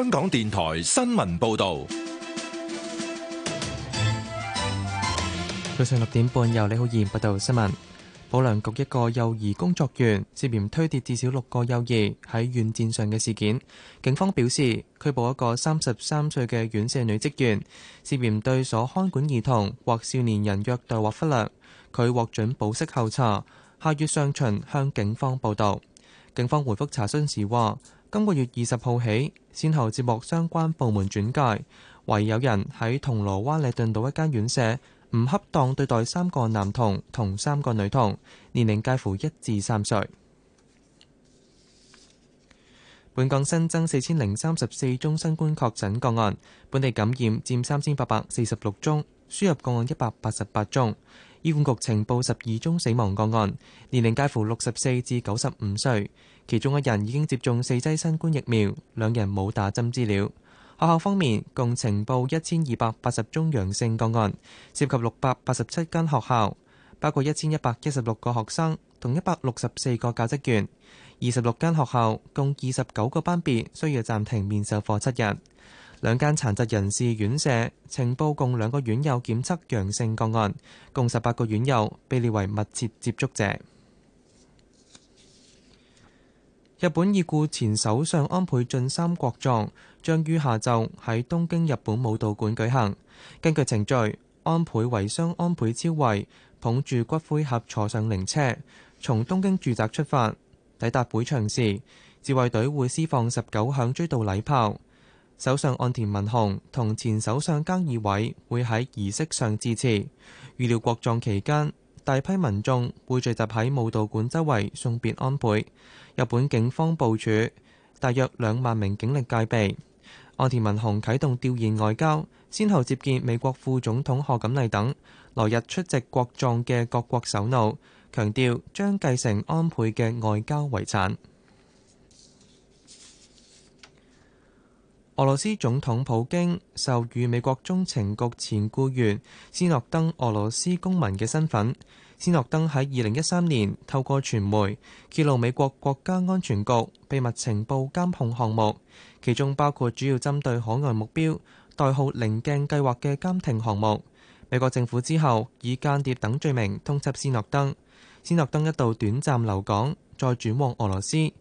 香港電台新聞報道，早上六點半由李浩然報道新聞。保良局一個幼兒工作員涉嫌推跌至少六個幼兒喺軟墊上嘅事件，警方表示拘捕一個三十三歲嘅院舍女職員，涉嫌對所看管兒童或少年人虐待或忽略。佢獲准保釋候查，下月上旬向警方報導。警方回覆查詢時話，今個月二十號起，先後接獲相關部門轉介，唯有，有人喺銅鑼灣禮頓道一間院舍唔恰當對待三個男童同三個女童，年齡介乎一至三歲。本港新增四千零三十四宗新冠確診個案，本地感染佔三千八百四十六宗，輸入個案一百八十八宗。醫管局呈報十二宗死亡個案，年齡介乎六十四至九十五歲。其中一人已經接種四劑新冠疫苗，兩人冇打針資料。學校方面共呈報一千二百八十宗陽性個案，涉及六百八十七間學校，包括一千一百一十六個學生同一百六十四個教職員。二十六間學校共二十九個班別需要暫停面授課七日。兩間殘疾人士院舍呈報共兩個院友檢測陽性個案，共十八個院友被列為密切接觸者。日本已故前首相安倍晉三國葬將於下晝喺東京日本武道館舉行。根據程序，安倍遺孀安倍昭惠捧住骨灰盒坐上靈車，從東京住宅出發，抵達會場時，自衛隊會施放十九響追悼禮炮。首相岸田文雄同前首相菅義偉會喺儀式上致辭，預料國葬期間大批民眾會聚集喺武道館周圍送別安倍。日本警方部署大約兩萬名警力戒備，岸田文雄啟動弔唁外交，先後接見美國副總統賀錦麗等，來日出席國葬嘅各國首腦，強調將繼承安倍嘅外交遺產。俄羅斯總統普京授予美國中情局前僱員斯諾登俄羅斯公民嘅身份。斯諾登喺二零一三年透過傳媒揭露美國國家安全局秘密情報監控項目，其中包括主要針對海外目標代號“棱鏡”計劃嘅監聽項目。美國政府之後以間諜等罪名通緝斯諾登。斯諾登一度短暫留港，再轉往俄羅斯。二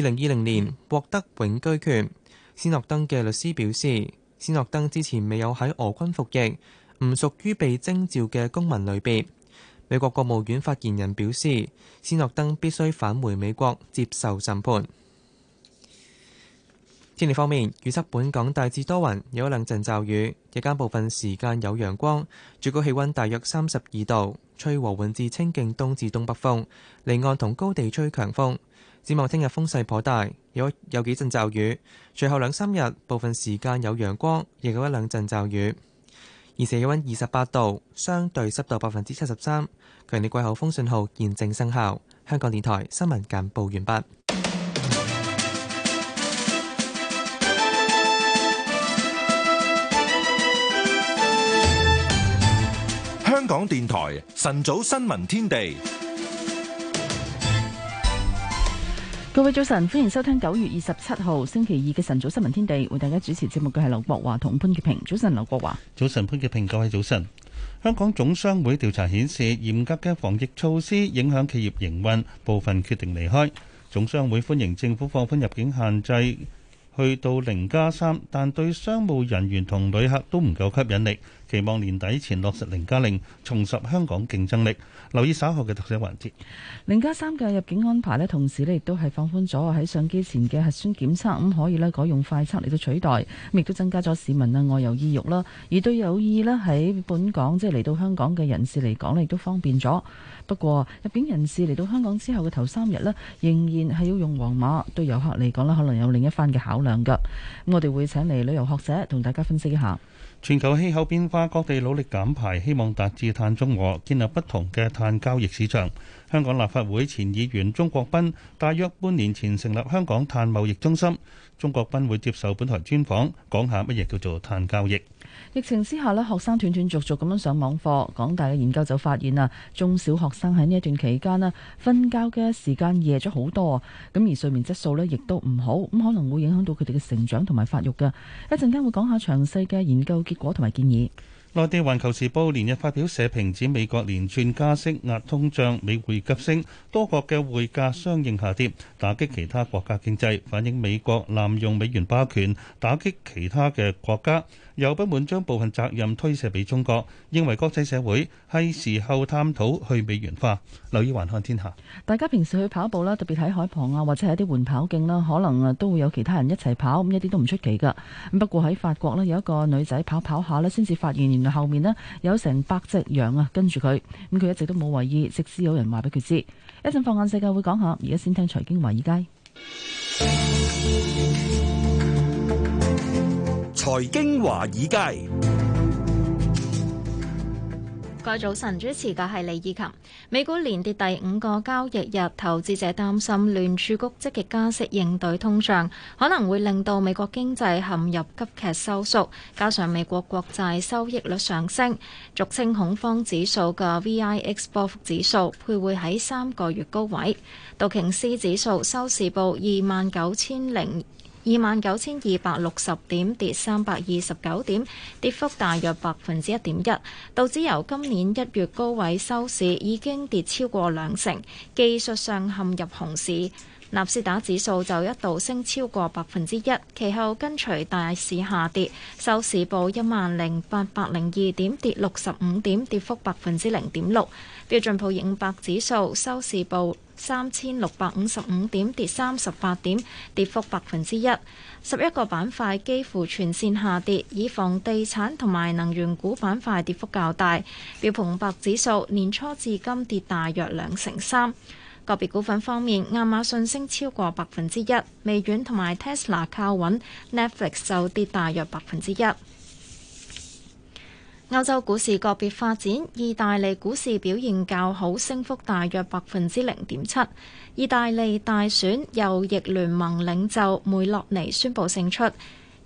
零二零年獲得永居權。斯諾登嘅律師表示，斯諾登之前未有喺俄軍服役，唔屬於被徵召嘅公民類別。美國國務院發言人表示，斯諾登必須返回美國接受審判。天氣方面預測，本港大致多雲，有一兩陣驟雨，日間部分時間有陽光，最高氣温大約三十二度，吹和緩至清勁東至東北風，離岸同高地吹強風。展望聽日風勢頗大，有有幾陣驟雨，隨後兩三日部分時間有陽光，亦有一兩陣驟雨。現時氣溫二十八度，相對濕度百分之七十三。強烈季候風信號現正生效。香港電台新聞簡報完畢。香港電台晨早新聞天地。各位早晨，歡迎收聽九月二十七號星期二嘅晨早新聞天地，為大家主持節目嘅係劉國華同潘潔平。早晨，劉國華。早晨，潘潔平。各位早晨。香港總商會調查顯示，嚴格嘅防疫措施影響企業營運，部分決定離開。總商會歡迎政府放寬入境限制。去到零加三，3，但對商務人員同旅客都唔夠吸引力。期望年底前落實零加零，0，重拾香港競爭力。留意稍後嘅特寫環節。零加三嘅入境安排咧，同時咧亦都係放寬咗喺上機前嘅核酸檢測，咁可以咧改用快測嚟到取代，咁亦都增加咗市民啊外遊意欲啦。而對有意咧喺本港即係嚟到香港嘅人士嚟講咧，亦都方便咗。不過入境人士嚟到香港之後嘅頭三日呢，仍然係要用黃碼。對遊客嚟講呢，可能有另一番嘅考量㗎。咁我哋會請嚟旅遊學者同大家分析一下。全球氣候變化，各地努力減排，希望達至碳中和，建立不同嘅碳交易市場。香港立法會前議員鍾國斌大約半年前成立香港碳貿易中心，鍾國斌會接受本台專訪，講下乜嘢叫做碳交易。疫情之下咧，學生斷斷續續咁樣上網課，港大嘅研究就發現啊，中小學生喺呢一段期間咧，瞓覺嘅時間夜咗好多啊，咁而睡眠質素呢亦都唔好，咁可能會影響到佢哋嘅成長同埋發育㗎。一陣間會講下詳細嘅研究結果同埋建議。內地《環球時報》連日發表社評，指美國連串加息壓通脹，美匯急升，多國嘅匯價相應下跌，打擊其他國家經濟，反映美國濫用美元霸權，打擊其他嘅國家。有不滿將部分責任推卸俾中國，認為國際社會係時候探討去美元化。留意環看天下。大家平時去跑步啦，特別喺海旁啊，或者係一啲緩跑徑啦，可能啊都會有其他人一齊跑，咁一啲都唔出奇㗎。咁不過喺法國呢，有一個女仔跑跑下咧，先至發現原來後面呢，有成百隻羊啊跟住佢，咁佢一直都冇懷疑，即使有人話俾佢知。一陣放眼世界會講下，而家先聽財經華爾街。 財經華爾街，今早晨主持嘅係李以琴。美股連跌第五個交易日，投資者擔心聯儲局積極加息應對通脹，可能會令到美國經濟陷入急劇收縮。加上美國國債收益率上升，俗稱恐慌指數嘅 VIX 波幅指數徘徊喺三個月高位。道瓊斯指數收市報二萬九千零。二萬九千二百六十點，跌三百二十九點，跌幅大約百分之一點一。道指由今年一月高位收市已經跌超過兩成，技術上陷入熊市。納斯達指數就一度升超過百分之一，其後跟隨大市下跌，收市報一萬零八百零二點，跌六十五點，跌幅百分之零點六。標準普爾五百指數收市報。三千六百五十五點，跌三十八點，跌幅百分之一。十一個板塊幾乎全線下跌，以房地產同埋能源股板塊跌幅較大。標普五百指數年初至今跌大約兩成三。個 別股份方面，亞馬遜升超過百分之一，微軟同埋 Tesla 靠穩，Netflix 就跌大約百分之一。 歐洲股市個別發展，意大利股市表現較好，升幅大約百分之零點七。意大利大選右翼聯盟領袖梅洛尼宣布勝出。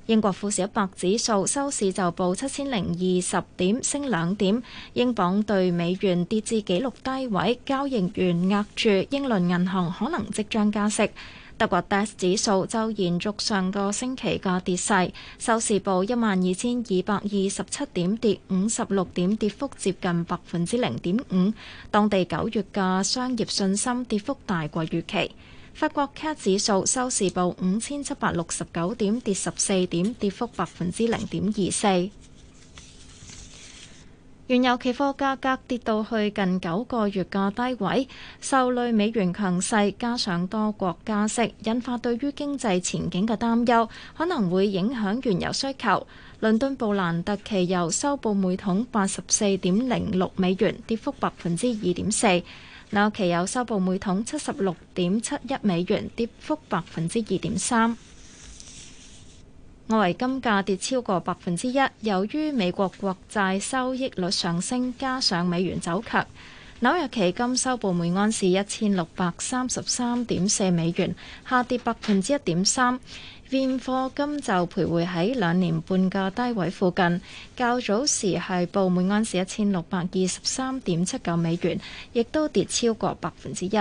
英國富時一百指數收市就報七千零二十點，升兩點。英鎊兌美元跌至紀錄低位，交易員押注英倫銀行可能即將加息。德國 DAX 指數就延續上個星期嘅跌勢，收市報一萬二千二百二十七點，跌五十六點，跌幅接近百分之零點五。當地九月嘅商業信心跌幅大過預期。法國 CAC 指數收市報五千七百六十九點，跌十四點跌，跌幅百分之零點二四。原油期貨價格跌到去近九個月嘅低位，受累美元強勢，加上多國加息，引發對於經濟前景嘅擔憂，可能會影響原油需求。倫敦布蘭特期油收報每桶八十四點零六美元，跌幅百分之二點四；紐期油收報每桶七十六點七一美元，跌幅百分之二點三。外圍金價跌超過百分之一，由於美國國債收益率上升加上美元走強，紐約期金收報每盎司一千六百三十三點四美元，下跌百分之一點三。現貨金就徘徊喺兩年半嘅低位附近，較早時係報每盎司一千六百二十三點七九美元，亦都跌超過百分之一。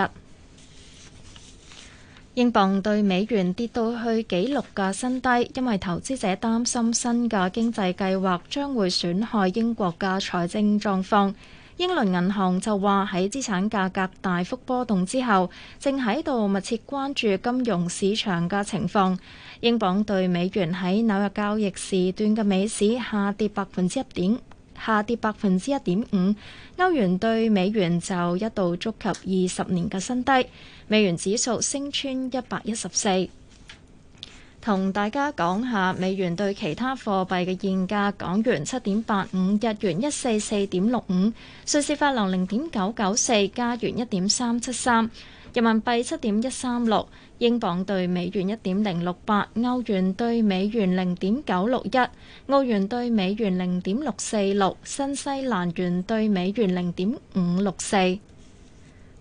英鎊兌美元跌到去紀錄嘅新低，因為投資者擔心新嘅經濟計劃將會損害英國嘅財政狀況。英倫銀行就話喺資產價格大幅波動之後，正喺度密切關注金融市場嘅情況。英鎊兌美元喺紐約交易時段嘅美市下跌百分之一點。下跌百分之一點五，歐元對美元就一度觸及二十年嘅新低，美元指數升穿一百一十四。同大家講下美元對其他貨幣嘅現價，港元七點八五，日元一四四點六五，瑞士法郎零點九九四，加元一點三七三，人民幣七點一三六。英鎊對美元一點零六八，歐元對美元零點九六一，澳元對美元零點六四六，新西蘭元對美元零點五六四。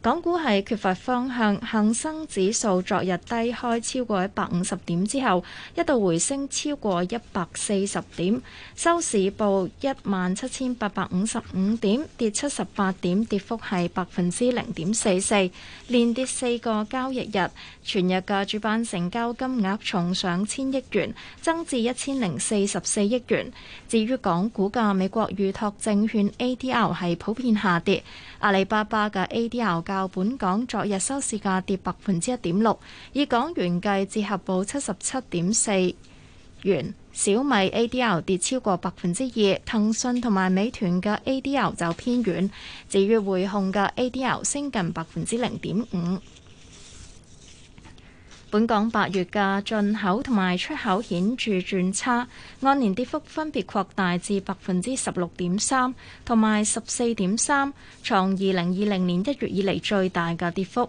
港股係缺乏方向，恒生指數昨日低開超過一百五十點之後，一度回升超過一百四十點，收市報一萬七千八百五十五點，跌七十八點，跌幅係百分之零點四四，連跌四個交易日。全日嘅主板成交金額重上千億元增至一千零四十四億元。至於港股嘅美國預託證券 ADR 係普遍下跌，阿里巴巴嘅 ADR 價，較本港昨日收市價跌百分之一點六，以港元計折合報七十七點四元。小米 A D L 跌超過百分之二，騰訊同埋美團嘅 A D L 就偏軟，至於匯控嘅 A D L 升近百分之零點五。本港八月嘅進口同埋出口顯著轉差，按年跌幅分別擴大至百分之十六點三同埋十四點三，創二零二零年一月以嚟最大嘅跌幅。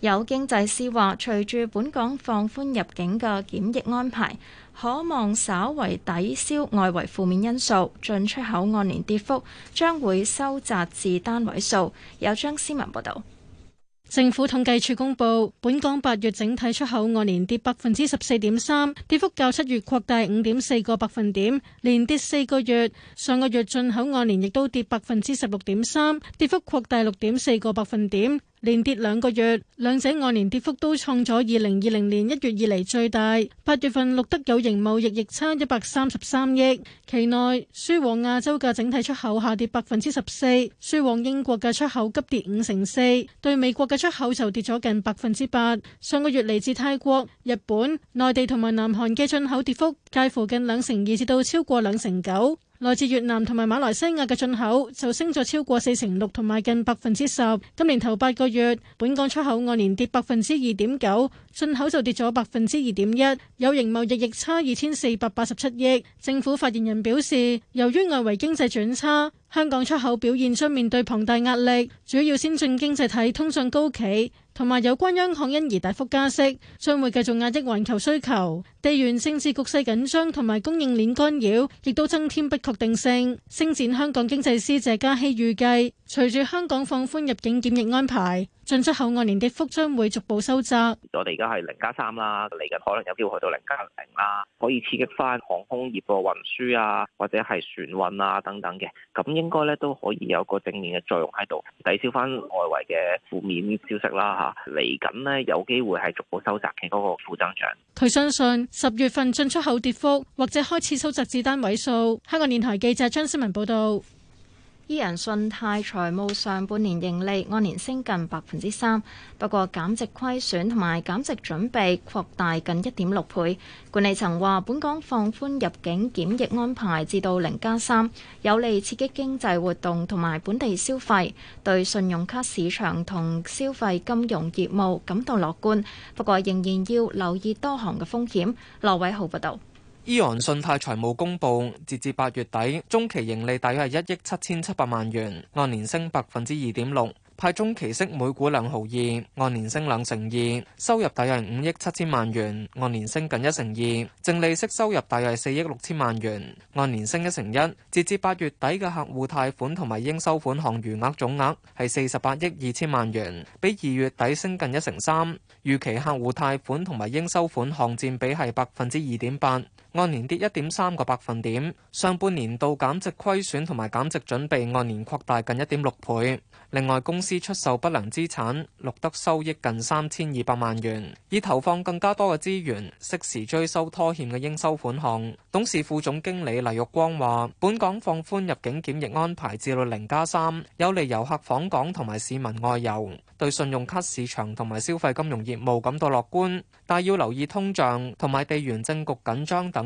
有經濟師話，隨住本港放寬入境嘅檢疫安排，可望稍為抵消外圍負面因素，進出口按年跌幅將會收窄至單位數。有張思文報道。政府統計處公布，本港八月整體出口按年跌百分之十四點三，跌幅較七月擴大五點四個百分點，連跌四個月。上個月進口按年亦都跌百分之十六點三，跌幅擴大六點四個百分點。連跌兩個月，兩者按年跌幅都創咗二零二零年一月以嚟最大。八月份錄得有形貿易逆差一百三十三億，期內輸往亞洲嘅整體出口下跌百分之十四，輸往英國嘅出口急跌五成四，對美國嘅出口就跌咗近百分之八。上個月嚟自泰國、日本、內地同埋南韓嘅進口跌幅介乎近兩成二至到超過兩成九。來自越南同埋馬來西亞嘅進口就升咗超過四成六同埋近百分之十。今年頭八個月，本港出口按年跌百分之二點九，進口就跌咗百分之二點一，有形貿易逆差二千四百八十七億。政府發言人表示，由於外圍經濟轉差，香港出口表現將面對龐大壓力，主要先進經濟體通脹高企。同埋有關央行因而大幅加息，將會繼續壓抑環球需求。地緣政治局勢緊張同埋供應鏈干擾，亦都增添不確定性。星展香港經濟師謝嘉熙預計，隨住香港放寬入境檢疫安排，進出口按年跌幅將會逐步收窄，我哋而家係零加三啦，嚟緊可能有機會去到零加零啦，可以刺激翻航空業個運輸啊，或者係船運啊等等嘅，咁應該咧都可以有個正面嘅作用喺度，抵消翻外圍嘅負面消息啦嚇。嚟緊呢，有機會係逐步收窄嘅嗰個負增長。佢相信十月份進出口跌幅或者開始收窄至單位數。香港電台記者張思文報道。伊人信貸財務上半年盈利按年升近百分之三，不過減值虧損同埋減值準備擴大近一點六倍。管理層話：本港放寬入境檢疫安排至到零加三，3，有利刺激經濟活動同埋本地消費，對信用卡市場同消費金融業務感到樂觀。不過仍然要留意多項嘅風險。羅偉豪報道。依昂信貸財務公布，截至八月底，中期盈利大約係一億七千七百萬元，按年升百分之二點六，派中期息每股兩毫二，按年升兩成二。收入大約係五億七千萬元，按年升近一成二。淨利息收入大約係四億六千萬元，按年升一成一。截至八月底嘅客戶貸款同埋應收款項餘額總額係四十八億二千萬元，比二月底升近一成三。預期客戶貸款同埋應收款項占比係百分之二點八，按年跌一點三個百分點，上半年度減值虧損同埋減值準備按年擴大近一點六倍。另外，公司出售不良資產錄得收益近三千二百萬元，以投放更加多嘅資源，適時追收拖欠嘅應收款項。董事副總經理黎玉光話：本港放寬入境檢疫安排至到零加三，3，有利遊客訪港同埋市民外遊，對信用卡市場同埋消費金融業務感到樂觀，但要留意通脹同埋地緣政局緊張等。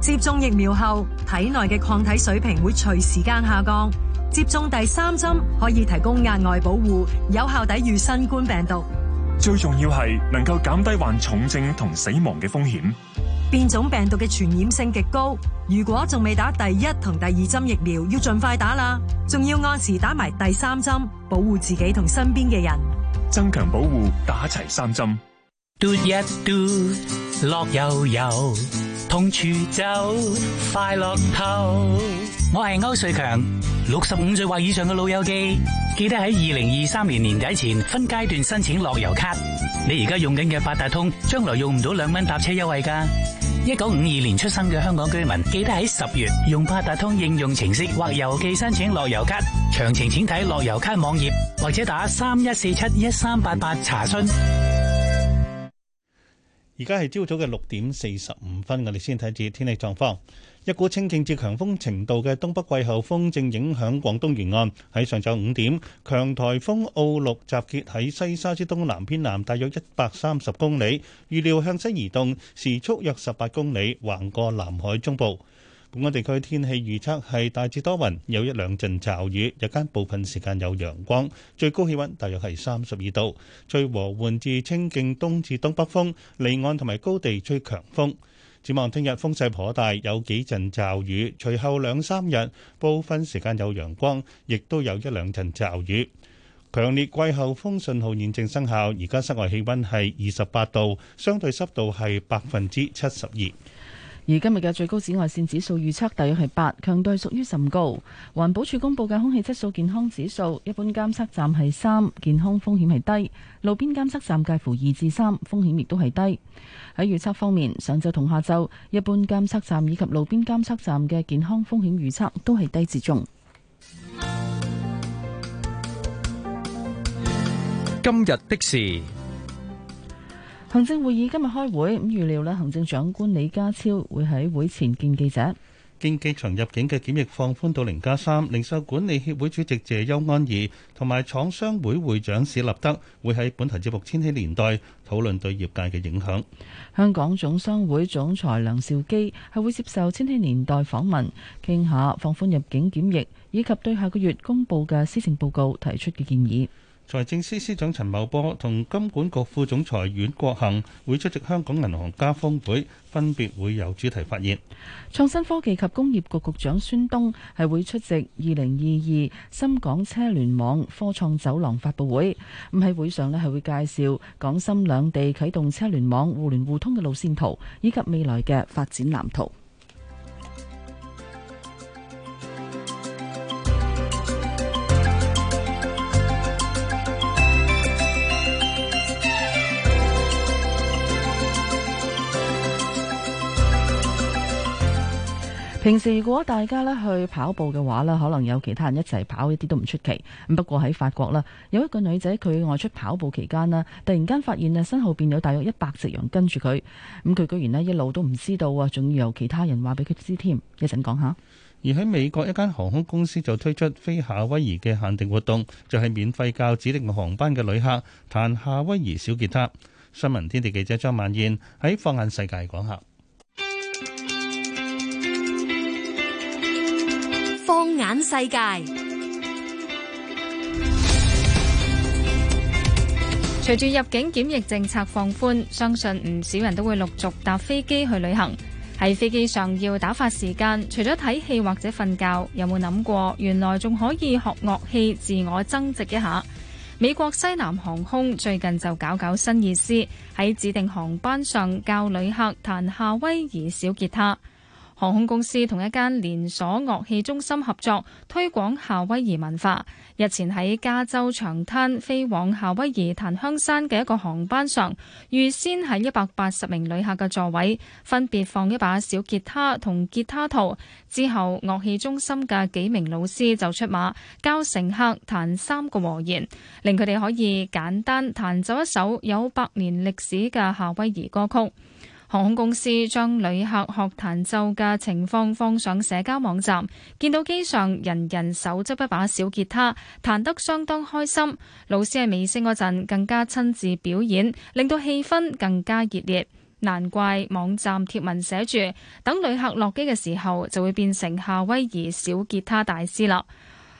接種疫苗後，體內嘅抗體水平會隨時間下降。接種第三針可以提供額外保護，有效抵禦新冠病毒。最重要係能夠減低患重症同死亡嘅風險。變種病毒嘅傳染性極高，如果仲未打第一同第二針疫苗，要盡快打啦。仲要按時打埋第三針，保護自己同身邊嘅人。增強保護，打齊三針。嘟一嘟，樂悠悠。同處就快樂透。我係歐瑞強，六十五歲或以上嘅老友記，記得喺二零二三年年底前分階段申請樂悠咭。你而家用緊嘅八達通，將來用唔到兩蚊搭車優惠㗎。一九五二年出生嘅香港居民，記得喺十月用八達通應用程式或郵寄申請樂悠咭。詳情請睇樂悠咭網頁或者打三一四七一三八八查詢。而家係朝早嘅六點四十五分，我哋先睇住天氣狀況。一股清勁至強風程度嘅東北季候風正影響廣東沿岸。喺上晝五點，強台風奧鹿集結喺西沙之東南偏南大約一百三十公里，預料向西移動，時速約十八公里，橫過南海中部。本港地區天氣預測係大致多雲，有一兩陣驟雨，日間部分時間有陽光，最高氣温大約係三十二度，吹和緩至清勁東至東北風，離岸同埋高地吹強風。展望聽日風勢頗大，有幾陣驟雨，隨後兩三日部分時間有陽光，亦都有一兩陣驟雨。強烈季候風信號現正生效，而家室外氣温係二十八度，相對濕度係百分之七十二。而今日嘅最高紫外線指數預測大約係八，強度係屬於甚高。環保署公佈嘅空氣質素健康指數，一般監測站係三，健康風險係低；路邊監測站介乎二至三，風險亦都係低。喺預測方面，上晝同下晝，一般監測站以及路邊監測站嘅健康風險預測都係低至中。今日的事。行政會議今日開會，咁預料咧行政長官李家超會喺會前見記者。經機場入境嘅檢疫放寬到零加三，3, 零售管理協會主席謝邱安儀同埋廠商會會長史立德會喺本台節目《千禧年代》討論對業界嘅影響。香港總商會總裁梁兆基係會接受《千禧年代》訪問，傾下放寬入境檢疫以及對下個月公佈嘅施政報告提出嘅建議。財政司司長陳茂波同金管局副總裁阮國恒會出席香港銀行家峰會，分別會有主題發言。創新科技及工業局局長孫東係會出席二零二二深港車聯網科創走廊發佈會，咁喺會上呢係會介紹港深兩地啟動車聯網互聯互通嘅路線圖，以及未來嘅發展藍圖。平時如果大家咧去跑步嘅話咧，可能有其他人一齊跑一啲都唔出奇。不過喺法國啦，有一個女仔佢外出跑步期間啦，突然間發現啊身後邊有大約一百隻羊跟住佢。咁佢居然咧一路都唔知道啊，仲要有其他人話俾佢知添。一陣講下。而喺美國一間航空公司就推出飛夏威夷嘅限定活動，就係免費教指定航班嘅旅客彈夏威夷小吉他。新聞天地記者張曼燕喺放眼世界講下。眼世界。隨住入境檢疫政策放寬，相信唔少人都會陸續搭飛機去旅行。喺飛機上要打發時間，除咗睇戲或者瞓覺，有冇諗過原來仲可以學樂器，自我增值一下？美國西南航空最近就搞搞新意思，喺指定航班上教旅客彈夏威夷小吉他。航空公司同一間連鎖樂器中心合作，推廣夏威夷文化。日前喺加州長灘飛往夏威夷檀香山嘅一個航班上，預先喺一百八十名旅客嘅座位分別放一把小吉他同吉他套。之後樂器中心嘅幾名老師就出馬教乘客彈三個和弦，令佢哋可以簡單彈奏一首有百年歷史嘅夏威夷歌曲。航空公司將旅客學彈奏嘅情況放上社交網站，見到機上人人手執一把小吉他，彈得相當開心。老師喺尾聲嗰陣，更加親自表演，令到氣氛更加熱烈。難怪網站貼文寫住，等旅客落機嘅時候就會變成夏威夷小吉他大師啦。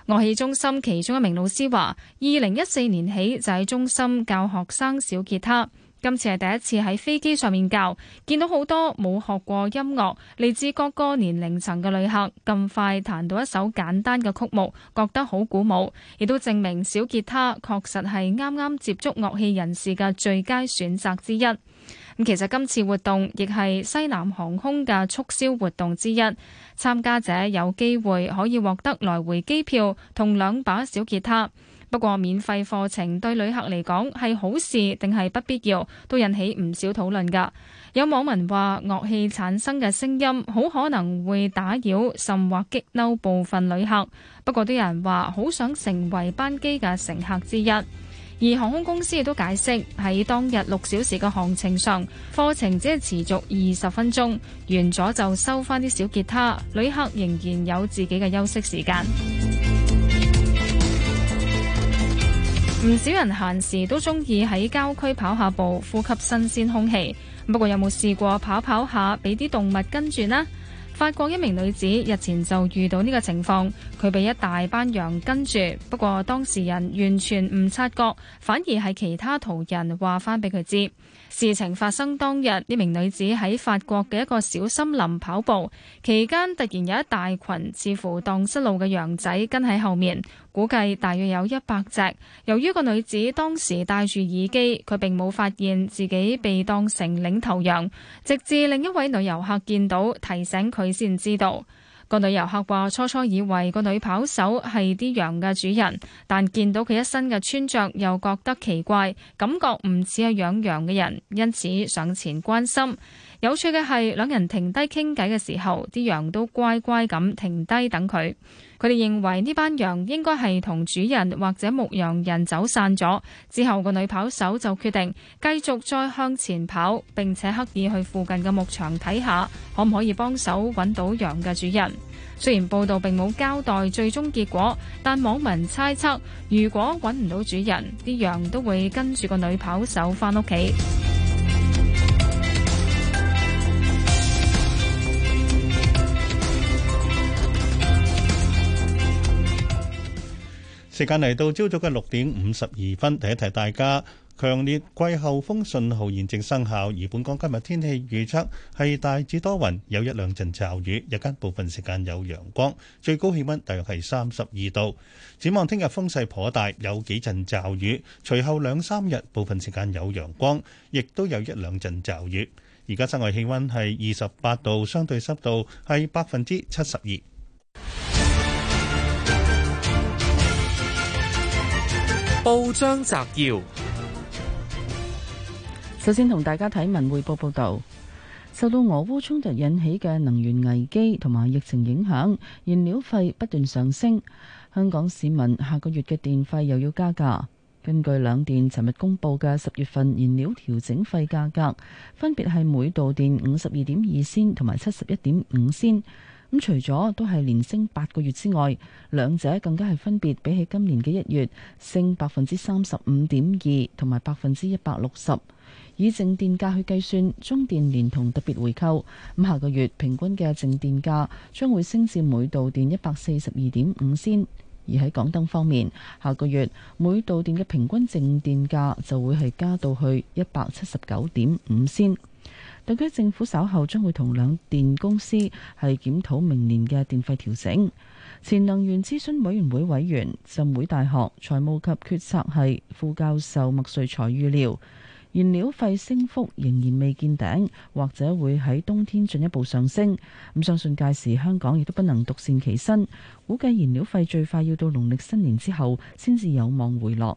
樂器中心其中一名老師話二零一四年起就喺中心教學生小吉他。今次係第一次喺飛機上面教，見到好多冇學過音樂嚟自各個年齡層嘅旅客，咁快彈到一首簡單嘅曲目，覺得好鼓舞，亦都證明小吉他確實係啱啱接觸樂器人士嘅最佳選擇之一。咁其實今次活動亦係西南航空嘅促銷活動之一，參加者有機會可以獲得來回機票同兩把小吉他。不過，免費課程對旅客嚟講係好事定係不必要，都引起唔少討論㗎。有網民話樂器產生嘅聲音好可能會打擾甚或激嬲部分旅客。不過都有人話好想成為班機嘅乘客之一。而航空公司亦都解釋喺當日六小時嘅航程上，課程只係持續二十分鐘，完咗就收翻啲小吉他，旅客仍然有自己嘅休息時間。唔少人閒時都中意喺郊區跑下步，呼吸新鮮空氣。不過有冇試過跑跑下俾啲動物跟住呢？法國一名女子日前就遇到呢個情況，佢被一大班羊跟住，不過當事人完全唔察覺，反而係其他途人話翻俾佢知。事情發生當日，呢名女子喺法國嘅一個小森林跑步期間，突然有一大群似乎蕩失路嘅羊仔跟喺後面，估計大約有一百隻。由於個女子當時戴住耳機，佢並冇發現自己被當成領頭羊，直至另一位女遊客見到，提醒佢先知道。個女遊客話，初初以為個女跑手係啲羊嘅主人，但見到佢一身嘅穿着，又覺得奇怪，感覺唔似係養羊嘅人，因此上前關心。有趣嘅係，兩人停低傾偈嘅時候，啲羊都乖乖咁停低等佢。佢哋認為呢班羊應該係同主人或者牧羊人走散咗，之後個女跑手就決定繼續再向前跑，並且刻意去附近嘅牧場睇下，可唔可以幫手揾到羊嘅主人。雖然報道並冇交代最終結果，但網民猜測，如果揾唔到主人，啲羊都會跟住個女跑手返屋企。時間嚟到朝早嘅六點五十二分，提一提大家，強烈季候風信號現正生效，而本港今日天氣預測係大致多雲，有一兩陣驟雨，日間部分時間有陽光，最高氣温大約係三十二度。展望聽日風勢頗大，有幾陣驟雨，隨後兩三日部分時間有陽光，亦都有一兩陣驟雨。而家室外氣温係二十八度，相對濕度係百分之七十二。報章摘要：首先同大家睇文匯報報道，受到俄烏衝突引起嘅能源危機同埋疫情影響，燃料費不斷上升。香港市民下個月嘅電費又要加價。根據兩電尋日公布嘅十月份燃料調整費價格，分別係每度電五十二點二仙同埋七十一點五仙。咁除咗都係連升八個月之外，兩者更加係分別比起今年嘅一月升百分之三十五點二同埋百分之一百六十。以正電價去計算，中電連同特別回購，咁、嗯、下個月平均嘅正電價將會升至每度電一百四十二點五仙。而喺港燈方面，下個月每度電嘅平均正電價就會係加到去一百七十九點五仙。特區政府稍後將會同兩電公司係檢討明年嘅電費調整。前能源諮詢委員會委員浸會大學財務及決策系副教授麥瑞才預料，燃料費升幅仍然未見頂，或者會喺冬天進一步上升。咁相信屆時香港亦都不能獨善其身。估計燃料費最快要到農曆新年之後，先至有望回落。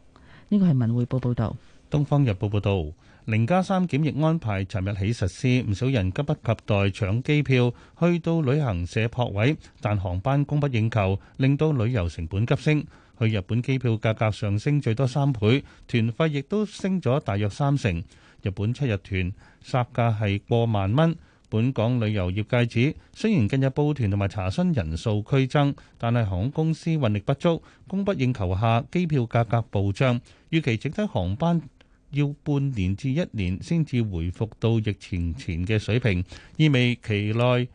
呢個係文匯報報道。《東方日報》報導。零加三檢疫安排，尋日起實施，唔少人急不及待搶機票，去到旅行社泊位，但航班供不應求，令到旅遊成本急升。去日本機票價格上升最多三倍，團費亦都升咗大約三成。日本七日團殺價係過萬蚊。本港旅遊業界指，雖然近日報團同埋查詢人數區增，但係航空公司運力不足，供不應求下機票價格暴漲，預期整體航班。要半年至一年先至回復到疫情前嘅水平，意味期內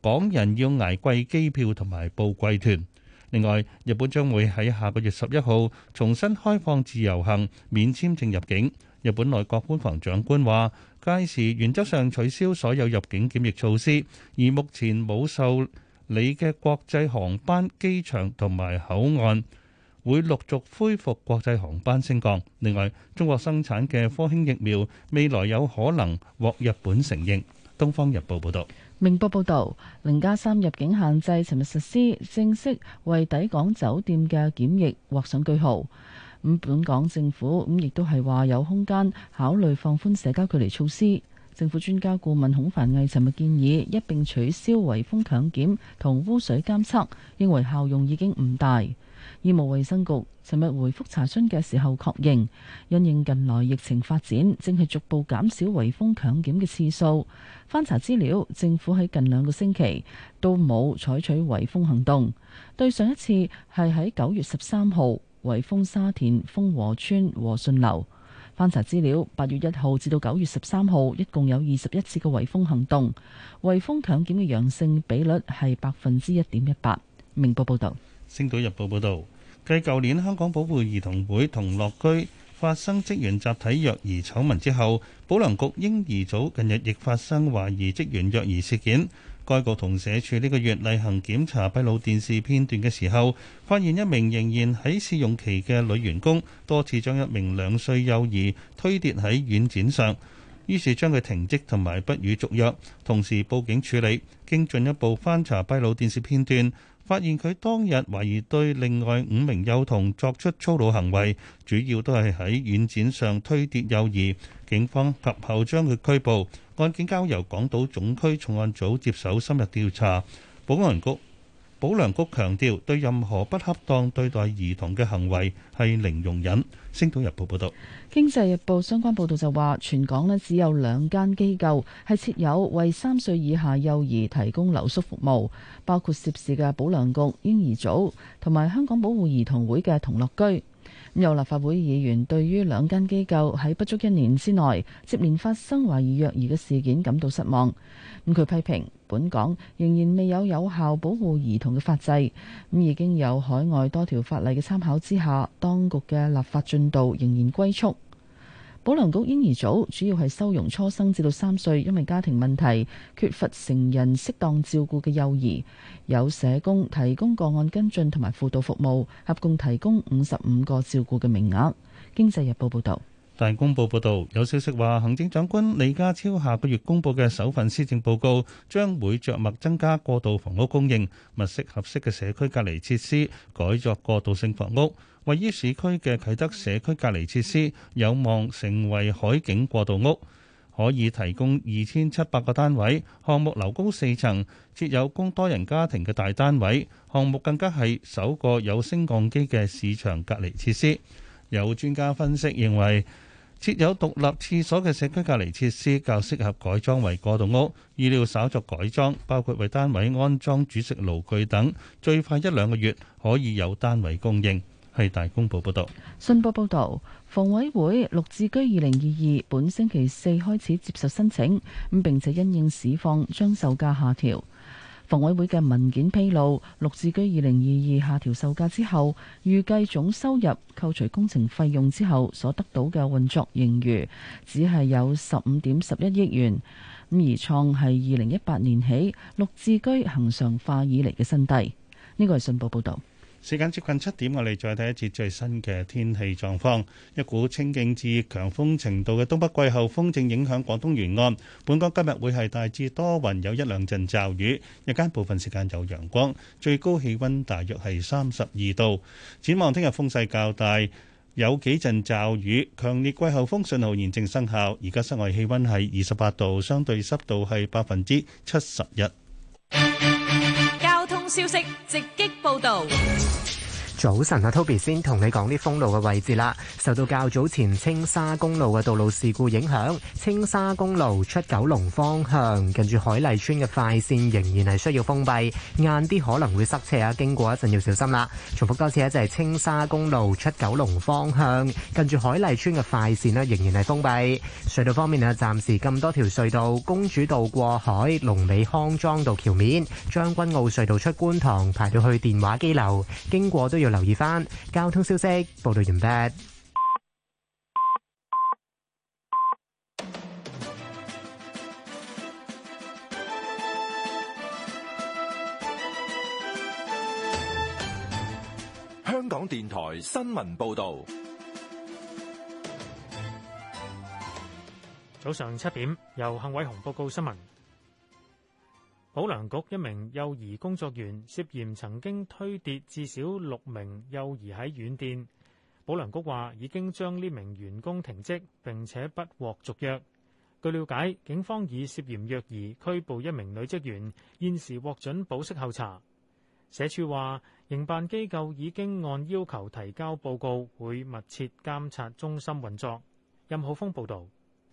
港人要捱貴機票同埋報貴團。另外，日本將會喺下個月十一號重新開放自由行免簽證入境。日本內閣官房長官話屆時原則上取消所有入境檢疫措施，而目前冇受理嘅國際航班機場同埋口岸，會陸續恢復國際航班升降。另外，中國生產嘅科興疫苗未來有可能獲日本承認。《東方日報》報導。明報報導，零加三入境限制尋日實施，正式為抵港酒店嘅檢疫畫上句號。咁本港政府咁亦都係話有空間考慮放寬社交距離措施。政府專家顧問孔繁毅尋日建議一並取消圍封強檢同污水監測，認為效用已經唔大。醫務衛生局尋日回復查詢嘅時候確認，確認因應近來疫情發展，正係逐步減少圍封強檢嘅次數。翻查資料，政府喺近兩個星期都冇採取圍封行動。對上一次係喺九月十三號圍封沙田豐和村和順樓。翻查資料，八月一號至到九月十三號一共有二十一次嘅圍封行動，圍封強檢嘅陽性比率係百分之一點一八。明報報道。星島日報報導，繼舊年香港保護兒童會同樂居發生職員集體虐兒醜聞之後，保良局嬰兒組近日亦發生懷疑職員虐兒事件。該局同社署呢個月例行檢查閉路電視片段嘅時候，發現一名仍然喺試用期嘅女員工多次將一名兩歲幼兒推跌喺軟墊上，於是將佢停職同埋不予續約，同時報警處理。經進一步翻查閉路電視片段。發現佢當日懷疑對另外五名幼童作出粗魯行為，主要都係喺軟展上推跌幼兒。警方及後將佢拘捕，案件交由港島總區重案組接手深入調查。保安局。保良局強調對任何不恰當對待兒童嘅行為係零容忍。星島日報報道，經濟日報相關報道就話全港呢只有兩間機構係設有為三歲以下幼兒提供留宿服務，包括涉事嘅保良局嬰兒組同埋香港保護兒童會嘅童樂居。有立法會議員對於兩間機構喺不足一年之內接連發生懷疑虐兒嘅事件感到失望。咁佢批評。本港仍然未有有效保護兒童嘅法制，咁已經有海外多條法例嘅參考之下，當局嘅立法進度仍然龜速。保良局嬰兒組主要係收容初生至到三歲，因為家庭問題缺乏成人適當照顧嘅幼兒，有社工提供個案跟進同埋輔導服務，合共提供五十五個照顧嘅名額。經濟日報報道。但公報報道有消息話行政長官李家超下個月公布嘅首份施政報告，將會着墨,墨增加過渡房屋供應物色合適嘅社區隔離設施改作過渡性房屋。位於市區嘅啟德社區隔離設施有望成為海景過渡屋，可以提供二千七百個單位。項目樓高四層設有供多人家庭嘅大單位。項目更加係首個有升降機嘅市場隔離設施。有專家分析認為。設有獨立廁所嘅社區隔離設施較適合改裝為過渡屋，預料稍作改裝，包括為單位安裝煮食爐具等，最快一兩個月可以有單位供應。係大公報報道。信報報道，房委會綠置居二零二二本星期四開始接受申請，並且因應市況將售價下調。房委會嘅文件披露，綠置居二零二二下調售價之後，預計總收入扣除工程費用之後所得到嘅運作盈餘，只係有十五點十一億元，咁而創係二零一八年起綠置居恒常化以嚟嘅新低。呢個係信報報道。時間接近七點，我哋再睇一次最新嘅天氣狀況。一股清勁至強風程度嘅東北季候風正影響廣東沿岸。本港今日會係大致多雲，有一兩陣驟雨，日間部分時間有陽光，最高氣温大約係三十二度。展望聽日風勢較大，有幾陣驟雨，強烈季候風信號現正生效。而家室外氣温係二十八度，相對濕度係百分之七十一。消息直擊報導。早晨啊，Toby 先同你講啲封路嘅位置啦。受到較早前青沙公路嘅道路事故影響，青沙公路出九龍方向近住海麗村嘅快線仍然係需要封閉，晏啲可能會塞車啊，經過一陣要小心啦。重複多次啊，就係青沙公路出九龍方向近住海麗村嘅快線咧，仍然係封閉。隧道方面啊，暫時咁多條隧道，公主道過海、龍尾康莊道橋面、將軍澳隧道出觀塘排到去電話機樓，經過都要。要留意翻交通消息報道完畢。香港電台新聞報道，早上七點由幸偉雄報告新聞。保良局一名幼兒工作員涉嫌曾經推跌至少六名幼兒喺院店，保良局話已經將呢名員工停職，並且不獲續約。據了解，警方以涉嫌虐兒拘捕一名女職員，現時獲准保釋候查。社署話，營辦機構已經按要求提交報告，會密切監察中心運作。任浩峰報導。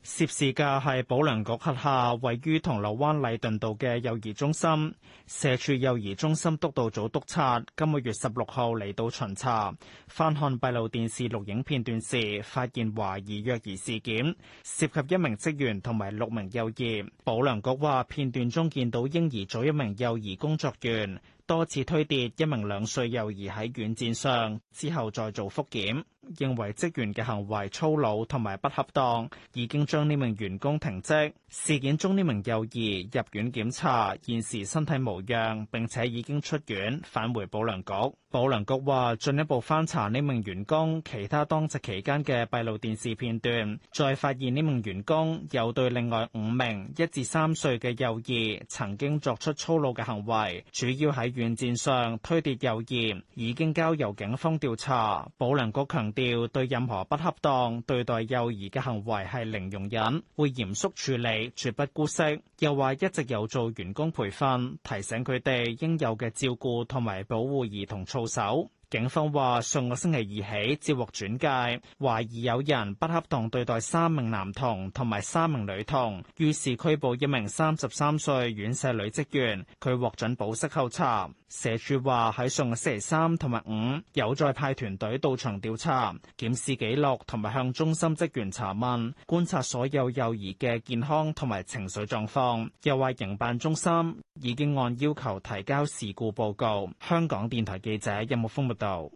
涉事嘅係保良局轄下位於銅鑼灣禮頓道嘅幼兒中心，社署幼兒中心督導組督察今個月十六號嚟到巡查，翻看閉路電視錄影片段時，發現懷疑虐兒事件，涉及一名職員同埋六名幼兒。保良局話，片段中見到嬰兒組一名幼兒工作員多次推跌一名兩歲幼兒喺軟墊上，之後再做復檢。認為職員嘅行為粗魯同埋不恰當，已經將呢名員工停職。事件中呢名幼兒入院檢查，現時身體無恙，並且已經出院返回保良局。保良局話，進一步翻查呢名員工其他當值期間嘅閉路電視片段，再發現呢名員工又對另外五名一至三歲嘅幼兒曾經作出粗魯嘅行為，主要喺軟墊上推跌幼兒，已經交由警方調查。保良局強調對任何不恰當對待幼兒嘅行為係零容忍，會嚴肅處理，絕不姑息。又話一直有做員工培訓，提醒佢哋應有嘅照顧同埋保護兒童操守。警方話上個星期二起接獲轉介，懷疑有人不恰當對待三名男童同埋三名女童，於是拘捕一名三十三歲院舍女職員，佢獲准保釋候查。社署話喺上個星期三同埋五，有再派團隊到場調查、檢視記錄同埋向中心職員查問，觀察所有幼兒嘅健康同埋情緒狀況。又話營辦中心已經按要求提交事故報告。香港電台記者任木風斗。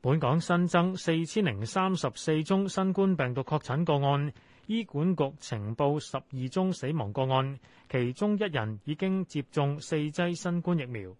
本港新增四千零三十四宗新冠病毒確診個案，醫管局呈報十二宗死亡個案，其中一人已經接種四劑新冠疫苗。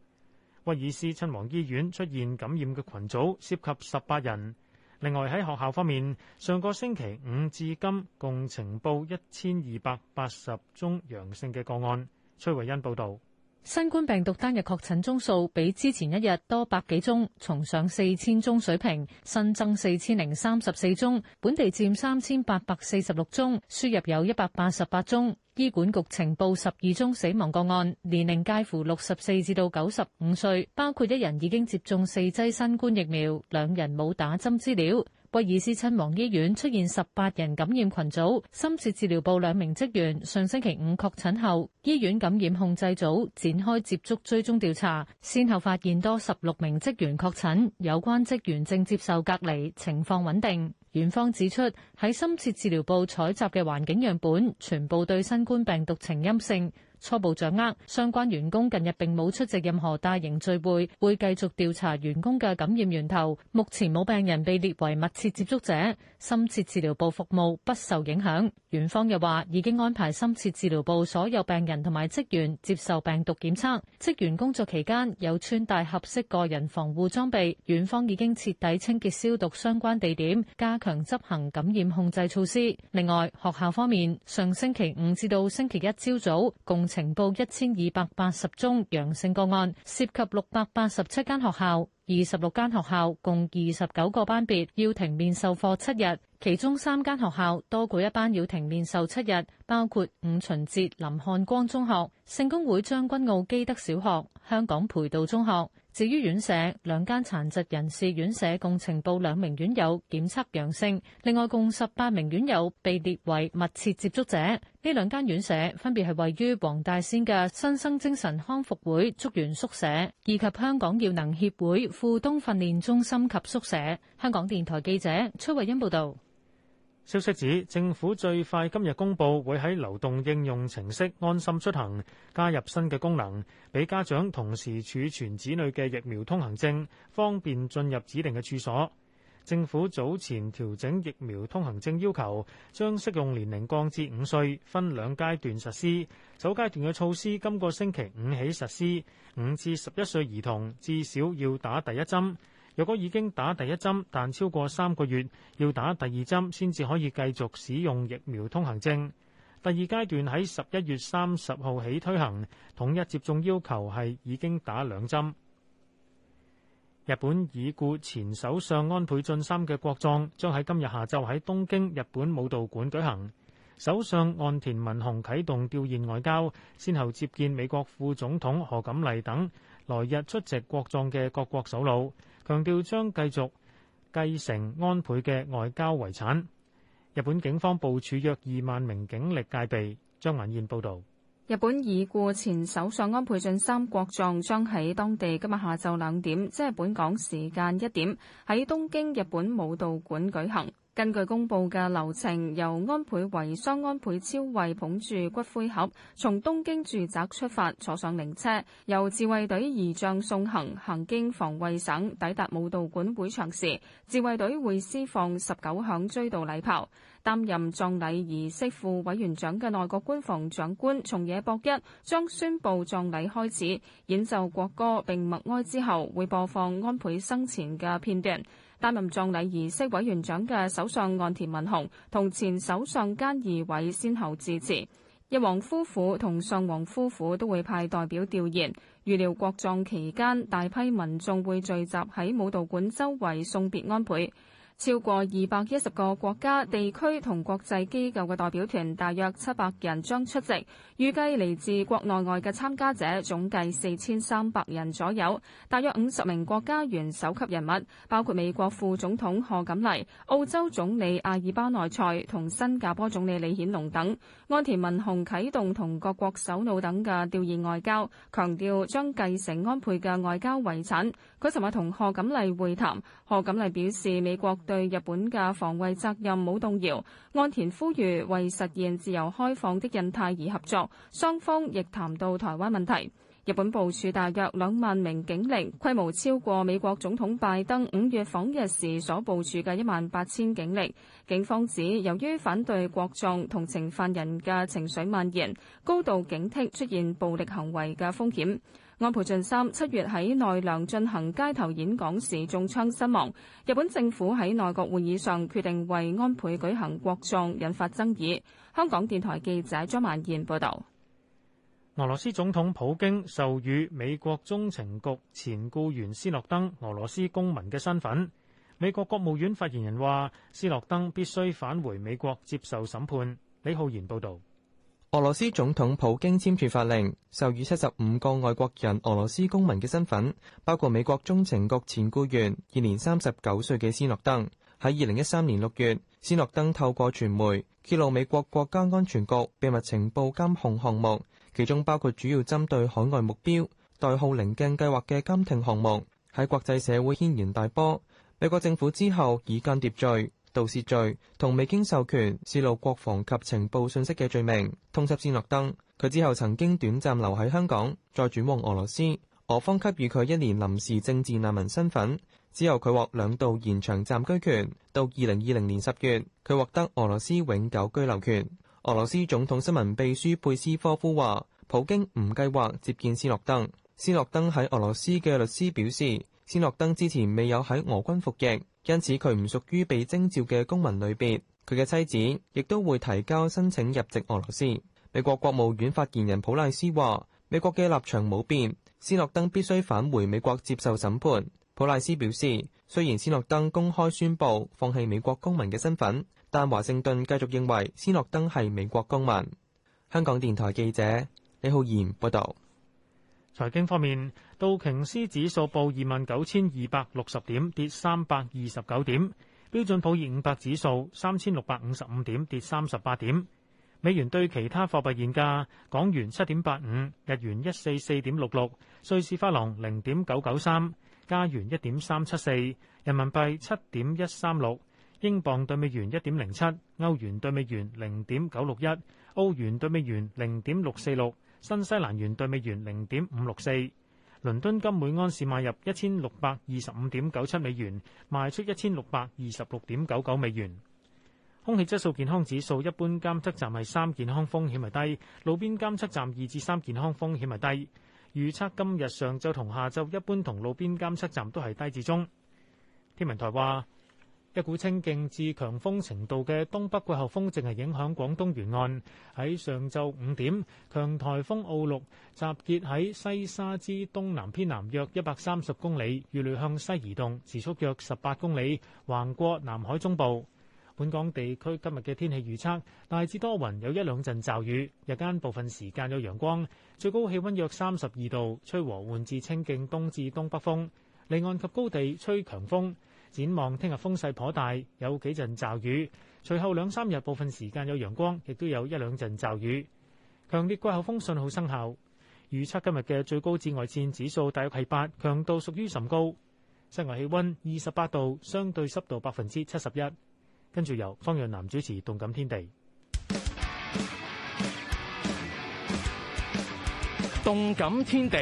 威爾斯親王醫院出現感染嘅群組，涉及十八人。另外喺學校方面，上個星期五至今共呈報一千二百八十宗陽性嘅個案。崔慧恩報道。新冠病毒單日確診宗數比之前一日多百幾宗，重上四千宗水平，新增四千零三十四宗，本地佔三千八百四十六宗，輸入有一百八十八宗。醫管局呈報十二宗死亡個案，年齡介乎六十四至到九十五歲，包括一人已經接種四劑新冠疫苗，兩人冇打針資料。威爾斯親王醫院出現十八人感染群組，深切治療部兩名職員上星期五確診後，醫院感染控制組展開接觸追蹤調查，先後發現多十六名職員確診，有關職員正接受隔離，情況穩定。院方指出，喺深切治療部採集嘅環境樣本全部對新冠病毒呈陰性。初步掌握，相關員工近日並冇出席任何大型聚會，會繼續調查員工嘅感染源頭，目前冇病人被列為密切接觸者，深切治療部服務不受影響。院方又話，已經安排深切治療部所有病人同埋職員接受病毒檢測，職員工作期間有穿戴合適個人防護裝備，院方已經徹底清潔消毒相關地點，加強執行感染控制措施。另外學校方面，上星期五至到星期一朝早，共呈報一千二百八十宗陽性個案，涉及六百八十七間學校，二十六間學校共二十九個班別要停面授課七日，其中三間學校多過一班要停面授七日，包括五旬節林漢光中學、聖公會將軍澳基德小學、香港培道中學。至於院舍，兩間殘疾人士院舍共呈報兩名院友檢測陽性，另外共十八名院友被列為密切接觸者。呢兩間院舍分別係位於黃大仙嘅新生精神康復會竹園宿舍，以及香港耀能協會富東訓練中心及宿舍。香港電台記者崔慧欣報道。消息指，政府最快今日公布會喺流動應用程式安心出行加入新嘅功能，俾家長同時儲存子女嘅疫苗通行證，方便進入指定嘅處所。政府早前調整疫苗通行證要求，將適用年齡降至五歲，分兩階段實施。首階段嘅措施今個星期五起實施，五至十一歲兒童至少要打第一針。若果已經打第一針，但超過三個月要打第二針，先至可以繼續使用疫苗通行證。第二階段喺十一月三十號起推行，統一接種要求係已經打兩針。日本已故前首相安倍晉三嘅國葬將喺今日下晝喺東京日本武道館舉行。首相岸田文雄啟動弔唁外交，先後接見美國副總統賀錦麗等，來日出席國葬嘅各國首腦。強調將繼續繼承安倍嘅外交遺產。日本警方部署約二萬名警力戒備。張文燕報道。日本已故前首相安倍晉三國葬將喺當地今日下晝兩點，即係本港時間一點，喺東京日本武道館舉行。根據公佈嘅流程，由安倍遺孀安倍昭惠捧住骨灰盒，從東京住宅出發，坐上靈車，由自衛隊儀仗送行，行經防衛省，抵達武道館會場時，自衛隊會施放十九響追悼禮炮。擔任葬禮儀式副委員長嘅內閣官房長官松野博一將宣布葬禮開始，演奏國歌並默哀之後，會播放安倍生前嘅片段。擔任葬禮儀式委員長嘅首相岸田文雄同前首相菅義偉先後致辭，日王夫婦同上皇夫婦都會派代表弔唁。預料國葬期間大批民眾會聚集喺武道館周圍送別安倍。超過二百一十個國家、地區同國際機構嘅代表團，大約七百人將出席。預計嚟自國內外嘅參加者總計四千三百人左右。大約五十名國家元首級人物，包括美國副總統賀錦麗、澳洲總理阿爾巴內塞同新加坡總理李顯龍等。安田文雄啟動同各國首腦等嘅吊唁外交，強調將繼承安倍嘅外交遺產。佢尋日同賀錦麗會談，賀錦麗表示美國對日本嘅防衛責任冇動搖。岸田呼籲為實現自由開放的印太而合作，雙方亦談到台灣問題。日本部署大約兩萬名警力，規模超過美國總統拜登五月訪日時所部署嘅一萬八千警力。警方指由於反對國葬同情犯人嘅情緒蔓延，高度警惕出現暴力行為嘅風險。安倍晉三七月喺奈良進行街頭演講時中槍身亡。日本政府喺內閣會議上決定為安倍舉行國葬，引發爭議，香港電台記者張萬燕報道。俄羅斯總統普京授予美國中情局前僱員斯諾登俄羅斯公民嘅身份。美國國務院發言人話斯諾登必須返回美國接受審判。李浩然報道。俄羅斯總統普京簽署法令，授予七十五個外國人俄羅斯公民嘅身份，包括美國中情局前僱員、現年三十九歲嘅斯諾登。喺二零一三年六月，斯諾登透過傳媒揭露美國國家安全局秘密情報監控項目，其中包括主要針對海外目標、代號棱鏡計劃嘅監聽項目，喺國際社會軒然大波。美國政府之後以間諜罪。盜竊罪同未經授權泄露國防及情報信息嘅罪名，通緝斯諾登，佢之後曾經短暫留喺香港，再轉往俄羅斯。俄方給予佢一年臨時政治難民身份，之後佢獲兩度延長暫居權，到二零二零年十月，佢獲得俄羅斯永久居留權。俄羅斯總統新聞秘書佩斯科夫話：普京唔計劃接見斯諾登。斯諾登喺俄羅斯嘅律師表示，斯諾登之前未有喺俄軍服役。因此佢唔屬於被徵召嘅公民類別，佢嘅妻子亦都會提交申請入籍俄羅斯。美國國務院發言人普賴斯話：美國嘅立場冇變，斯諾登必須返回美國接受審判。普賴斯表示，雖然斯諾登公開宣布放棄美國公民嘅身份，但華盛頓繼續認為斯諾登係美國公民。香港電台記者李浩然報道。財經方面，道瓊斯指數報二萬九千二百六十點，跌三百二十九點；標準普爾五百指數三千六百五十五點，跌三十八點。美元對其他貨幣現價：港元七點八五，日元一四四點六六，瑞士法郎零點九九三，加元一點三七四，人民幣七點一三六。英鎊對美元一點零七，歐元對美元零點九六一，歐元對美元零點六四六。新西蘭元兌美元零點五六四，倫敦金每安士買入一千六百二十五點九七美元，賣出一千六百二十六點九九美元。空氣質素健康指數一般監測站係三，健康風險係低，路邊監測站二至三，健康風險係低。預測今日上晝同下晝一般同路邊監測站都係低至中。天文台話。一股清勁至強風程度嘅東北季候風，正係影響廣東沿岸。喺上晝五點，強颱風奧鹿集結喺西沙之東南偏南約一百三十公里，預料向西移動，時速約十八公里，橫過南海中部。本港地區今日嘅天氣預測，大致多雲，有一兩陣驟雨。日間部分時間有陽光，最高氣温約三十二度，吹和緩至清勁東至東北風，離岸及高地吹強風。展望聽日風勢頗大，有幾陣驟雨。隨後兩三日部分時間有陽光，亦都有一兩陣驟雨。強烈季候風信號生效。預測今日嘅最高紫外線指數大約係八，強度屬於甚高。室外氣溫二十八度，相對濕度百分之七十一。跟住由方潤南主持《動感天地》。《動感天地》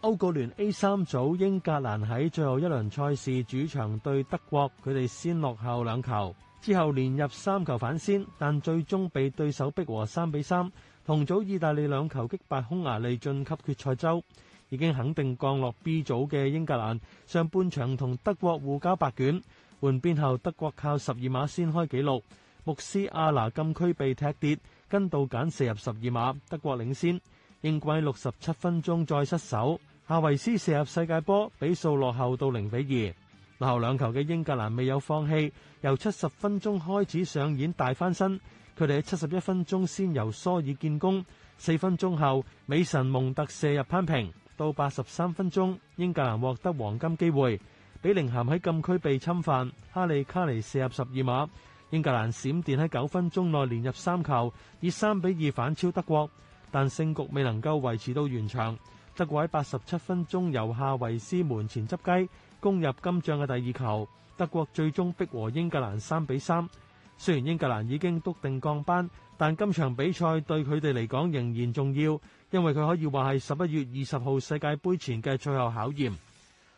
歐國聯 A 三組，英格蘭喺最後一輪賽事主場對德國，佢哋先落後兩球，之後連入三球反先，但最終被對手逼和3比3。同組意大利兩球擊敗匈牙利晉級決賽周，已經肯定降落 b 組的英格蘭上半場同德國互交白卷，換邊後德國靠十二碼先開紀錄，穆斯阿拿禁區被踢跌，根杜簡射入十二碼，德國領先，應季67分鐘再失守。夏維斯射入世界波，比數落後到零比二。落後兩球嘅英格蘭未有放棄，由七十分鐘開始上演大翻身。佢哋喺七十一分鐘先由蘇爾建功，四分鐘後美神蒙特射入扳平。到八十三分鐘，英格蘭獲得黃金機會，比寧咸喺禁區被侵犯，哈利卡尼射入十二碼。英格蘭閃電喺九分鐘內連入三球，以三比二反超德國，但勝局未能夠維持到完場。德國喺八十七分鐘由夏維斯門前執雞攻入今仗嘅第二球，德國最終逼和英格蘭三比三。雖然英格蘭已經篤定降班，但今場比賽對佢哋嚟講仍然重要，因為佢可以話係十一月二十號世界杯前嘅最後考驗。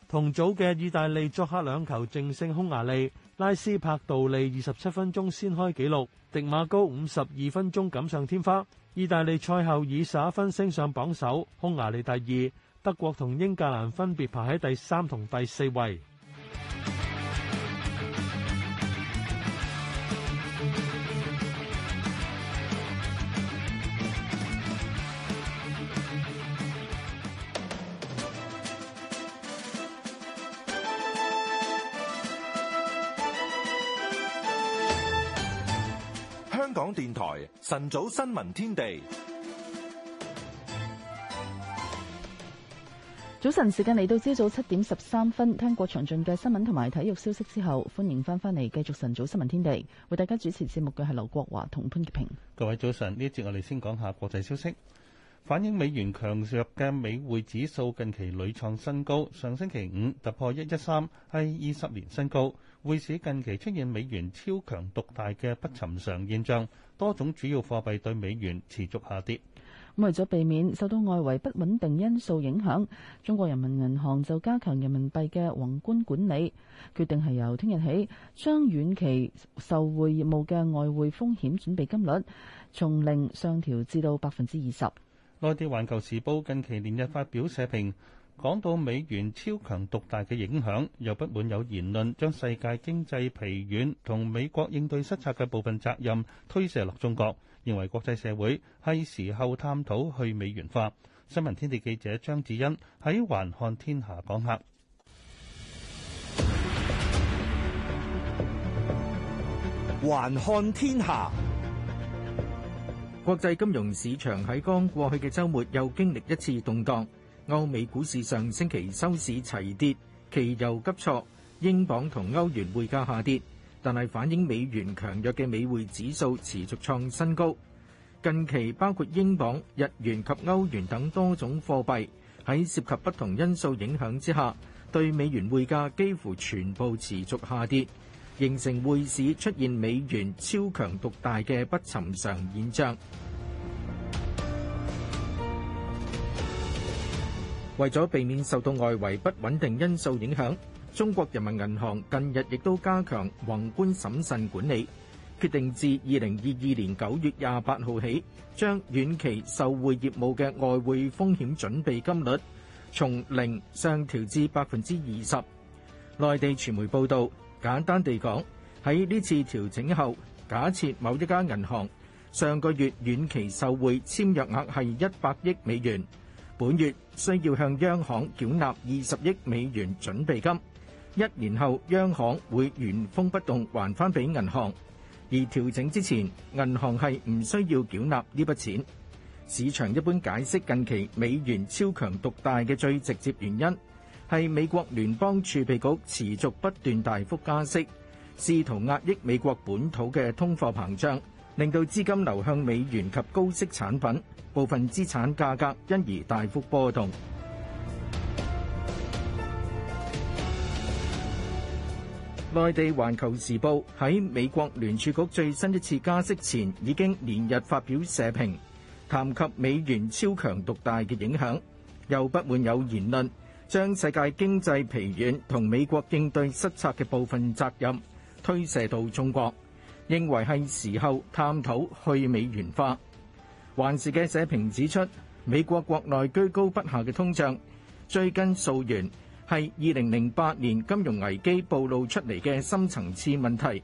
同組嘅意大利作客兩球正勝匈牙利，拉斯帕杜利二十七分鐘先開紀錄，迪馬高五十二分鐘錦上添花。意大利賽後以十一分升上榜首，匈牙利第二，德國同英格蘭分別排喺第三同第四位。電台晨早新聞天地，早晨時間嚟到朝早七點十三分，聽過詳盡嘅新聞同埋體育消息之後，歡迎翻翻嚟繼續晨早新聞天地，為大家主持節目嘅係劉國華同潘潔平。各位早晨，呢一節我哋先講下國際消息，反映美元強弱嘅美匯指數近期屢創新高，上星期五突破一一三，係二十年新高。會使近期出現美元超強獨大嘅不尋常現象，多種主要貨幣對美元持續下跌。咁為咗避免受到外圍不穩定因素影響，中國人民銀行就加強人民幣嘅宏觀管理，決定係由聽日起，將遠期售匯業務嘅外匯風險準備金率從零上調至到百分之二十。內地環球時報近期連日發表社評。講到美元超強獨大嘅影響，又不滿有言論將世界經濟疲軟同美國應對失策嘅部分責任推卸落中國，認為國際社會係時候探討去美元化。新聞天地記者張子欣喺環看天下講吓。環看天下，下天下，國際金融市場喺剛過去嘅週末又經歷一次動盪。歐美股市上星期收市齊跌，期油急挫，英鎊同歐元匯價下跌，但係反映美元強弱嘅美匯指數持續創新高。近期包括英鎊、日元及歐元等多種貨幣，喺涉及不同因素影響之下，對美元匯價幾乎全部持續下跌，形成匯市出現美元超強獨大嘅不尋常現象。為咗避免受到外圍不穩定因素影響，中國人民銀行近日亦都加強宏觀審慎管理，決定自2022年9月28日起，將遠期售匯業務的外匯風險準備金率，從零上調至百分之二十。本月需要向央行繳納二十億美元準備金，一年後央行會原封不動還翻俾銀行。而調整之前，銀行係唔需要繳納呢筆錢。市場一般解釋近期美元超強獨大嘅最直接原因，係美國聯邦儲備局持續不斷大幅加息，試圖壓抑美國本土嘅通貨膨脹。令到資金流向美元及高息產品，部分資產價格因而大幅波動。內地《環球時報》喺美國聯儲局最新一次加息前，已經連日發表社評，談及美元超強獨大嘅影響，又不滿有言論將世界經濟疲軟同美國應對失策嘅部分責任推卸到中國，認為係時候探討去美元化。環時嘅社評指出，美國國內居高不下嘅通脹，最近溯源係二零零八年金融危機暴露出嚟嘅深層次問題。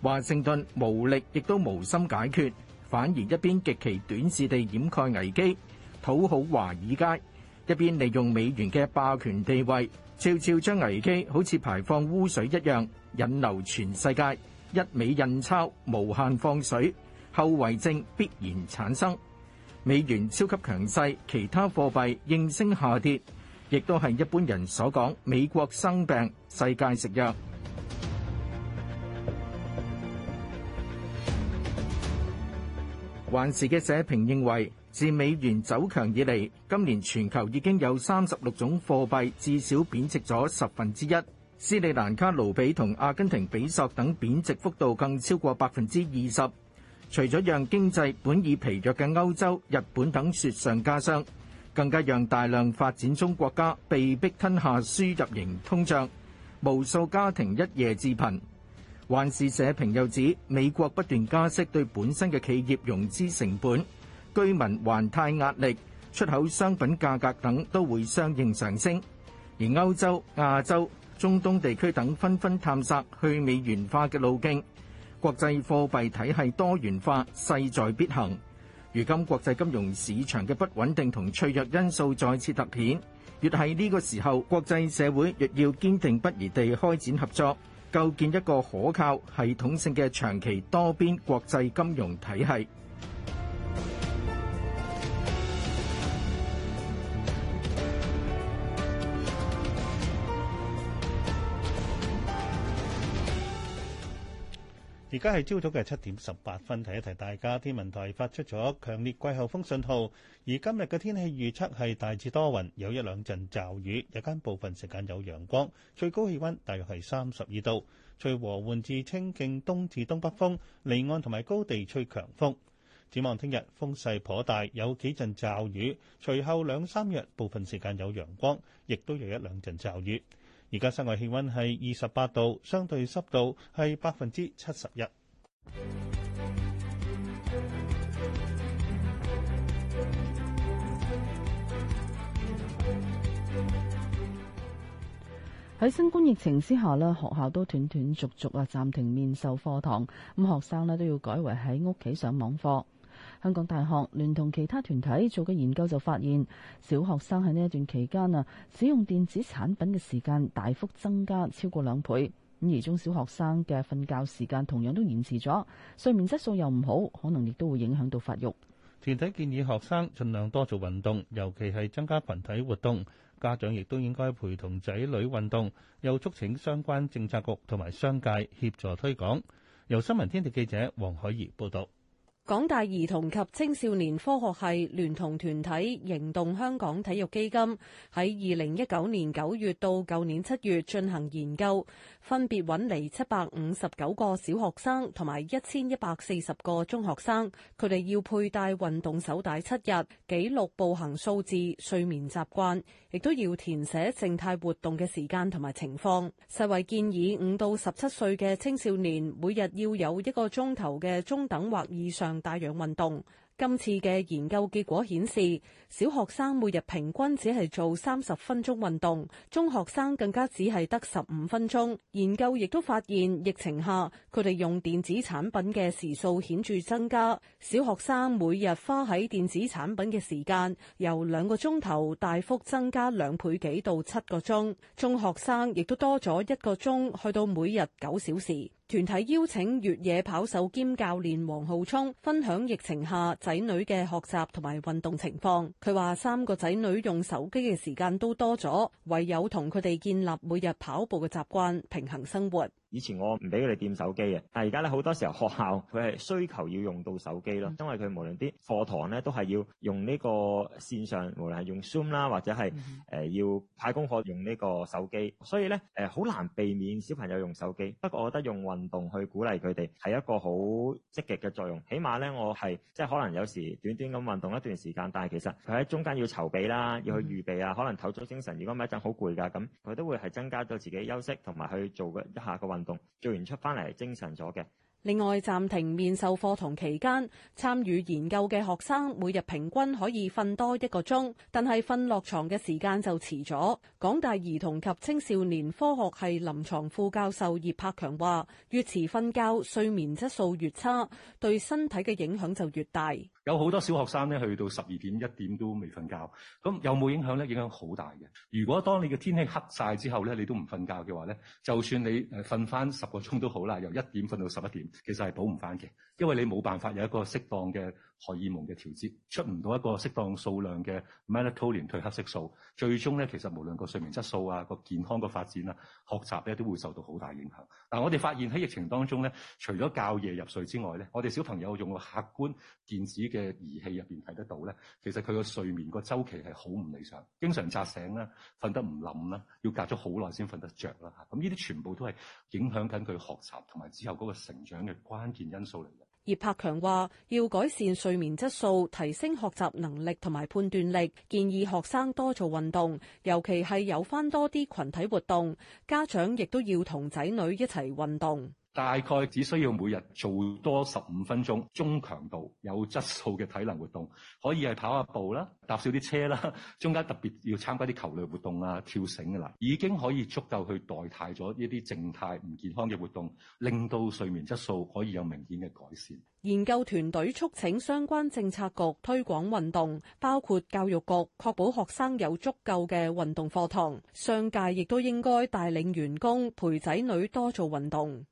華盛頓無力亦都無心解決，反而一邊極其短視地掩蓋危機，討好華爾街，一邊利用美元嘅霸權地位，悄悄將危機好似排放污水一樣引流全世界。一美印鈔無限放水，後遺症必然產生。美元超級強勢，其他貨幣應聲下跌，亦都係一般人所講美國生病，世界食藥。環時嘅社評認為，自美元走強以嚟，今年全球已經有三十六種貨幣至少貶值咗十分之一。斯里蘭卡盧比同阿根廷比索等貶值幅度更超過百分之二十，除咗讓經濟本已疲弱嘅歐洲、日本等雪上加霜，更加讓大量發展中國家被迫吞下輸入型通脹，無數家庭一夜致貧。環時社評又指，美國不斷加息，對本身嘅企業融資成本、居民還貸壓力、出口商品價格等都會相應上升，而歐洲、亞洲、中東地區等紛紛探索去美元化嘅路徑，國際貨幣體系多元化勢在必行。如今國際金融市場嘅不穩定同脆弱因素再次凸顯，越係呢個時候國際社會越要堅定不移地開展合作，構建一個可靠、系統性嘅長期多邊國際金融體系。而家係朝早嘅七點十八分，提一提大家，天文台發出咗強烈季候風信號。而今日嘅天氣預測係大致多雲，有一兩陣驟雨，日間部分時間有陽光，最高氣溫大約係三十二度，吹和緩至清勁東至東北風，離岸同埋高地吹強風。展望聽日風勢頗大，有幾陣驟雨，隨後兩三日部分時間有陽光，亦都有一兩陣驟雨。而家室外氣溫係二十八度，相對濕度係百分之七十一。喺新冠疫情之下咧，學校都斷斷續續啊暫停面授課堂，咁學生咧都要改為喺屋企上網課。香港大學聯同其他團體做嘅研究就發現，小學生喺呢一段期間啊，使用電子產品嘅時間大幅增加，超過兩倍。咁而中小學生嘅瞓覺時間同樣都延遲咗，睡眠質素又唔好，可能亦都會影響到發育。團體建議學生儘量多做運動，尤其係增加群體活動。家長亦都應該陪同仔女運動，又促請相關政策局同埋商界協助推廣。由新聞天地記者黃海怡報道。港大兒童及青少年科學系聯同團體凝動香港體育基金，喺二零一九年九月到舊年七月進行研究。分別揾嚟七百五十九個小學生同埋一千一百四十個中學生，佢哋要佩戴運動手帶七日，記錄步行數字、睡眠習慣，亦都要填寫靜態活動嘅時間同埋情況。世衞建議五到十七歲嘅青少年每日要有一個鐘頭嘅中等或以上帶氧運動。今次嘅研究結果顯示，小學生每日平均只係做三十分鐘運動，中學生更加只係得十五分鐘。研究亦都發現，疫情下佢哋用電子產品嘅時數顯著增加。小學生每日花喺電子產品嘅時間由兩個鐘頭大幅增加兩倍幾到七個鐘，中學生亦都多咗一個鐘，去到每日九小時。團體邀請越野跑手兼教練黃浩聰分享疫情下仔女嘅學習同埋運動情況。佢話三個仔女用手機嘅時間都多咗，唯有同佢哋建立每日跑步嘅習慣，平衡生活。以前我唔俾佢哋掂手機嘅，但係而家咧好多時候學校佢係需求要用到手機咯，mm hmm. 因為佢無論啲課堂咧都係要用呢個線上，無論係用 Zoom 啦，或者係誒、mm hmm. 呃、要派功課用呢個手機，所以咧誒好難避免小朋友用手機。不過我覺得用運動去鼓勵佢哋係一個好積極嘅作用，起碼咧我係即係可能有時短短咁運動一段時間，但係其實佢喺中間要籌備啦，要去預備啊，mm hmm. 可能唞咗精神。如果某一陣好攰㗎咁，佢都會係增加咗自己休息同埋去做一下個運動。做完出翻嚟精神咗嘅。另外，暫停面授課堂期間，參與研究嘅學生每日平均可以瞓多一個鐘，但係瞓落床嘅時間就遲咗。港大兒童及青少年科學系臨床副教授葉柏強話，越遲瞓覺，睡眠質素越差，對身體嘅影響就越大。有好多小學生咧，去到十二點一點都未瞓覺，咁有冇影響呢？影響好大嘅。如果當你嘅天氣黑晒之後呢，你都唔瞓覺嘅話呢，就算你誒瞓返十個鐘都好啦，由一點瞓到十一點，其實係補唔返嘅，因為你冇辦法有一個適當嘅。荷爾蒙嘅調節出唔到一個適當數量嘅 melatonin 褪黑色素，最終咧其實無論個睡眠質素啊、個健康嘅發展啊、學習咧都會受到好大影響。但我哋發現喺疫情當中咧，除咗教夜入睡之外咧，我哋小朋友用個客觀電子嘅儀器入邊睇得到咧，其實佢個睡眠個周期係好唔理想，經常扎醒啦、啊，瞓得唔冧啦，要隔咗好耐先瞓得着啦、啊。咁呢啲全部都係影響緊佢學習同埋之後嗰個成長嘅關鍵因素嚟嘅。葉柏強話：要改善睡眠質素，提升學習能力同埋判斷力，建議學生多做運動，尤其係有翻多啲群體活動，家長亦都要同仔女一齊運動。大概只需要每日做多十五分鐘中強度有質素嘅體能活動，可以係跑下步啦、搭少啲車啦，中間特別要參加啲球類活動啊、跳繩噶啦，已經可以足夠去代替咗呢啲靜態唔健康嘅活動，令到睡眠質素可以有明顯嘅改善。研究團隊促請相關政策局推廣運動，包括教育局確保學生有足夠嘅運動課堂，商界亦都應該帶領員工陪仔女多做運動。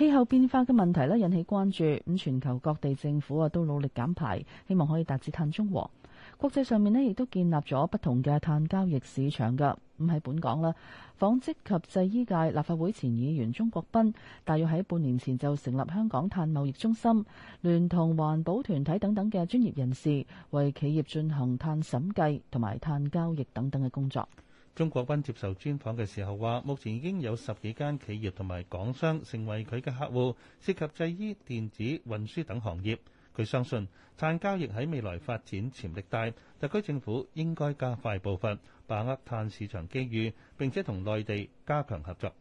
氣候變化嘅問題咧引起關注，咁全球各地政府啊都努力減排，希望可以達至碳中和。國際上面咧亦都建立咗不同嘅碳交易市場噶，咁喺本港啦，紡織及製衣界立法會前議員鍾國斌，大約喺半年前就成立香港碳貿易中心，聯同環保團體等等嘅專業人士，為企業進行碳審計同埋碳交易等等嘅工作。鍾國斌接受專訪嘅時候話，目前已經有十幾間企業同埋港商成為佢嘅客戶，涉及製衣、電子、運輸等行業。佢相信碳交易喺未來發展潛力大，特區政府應該加快步伐，把握碳市場機遇，並且同內地加強合作。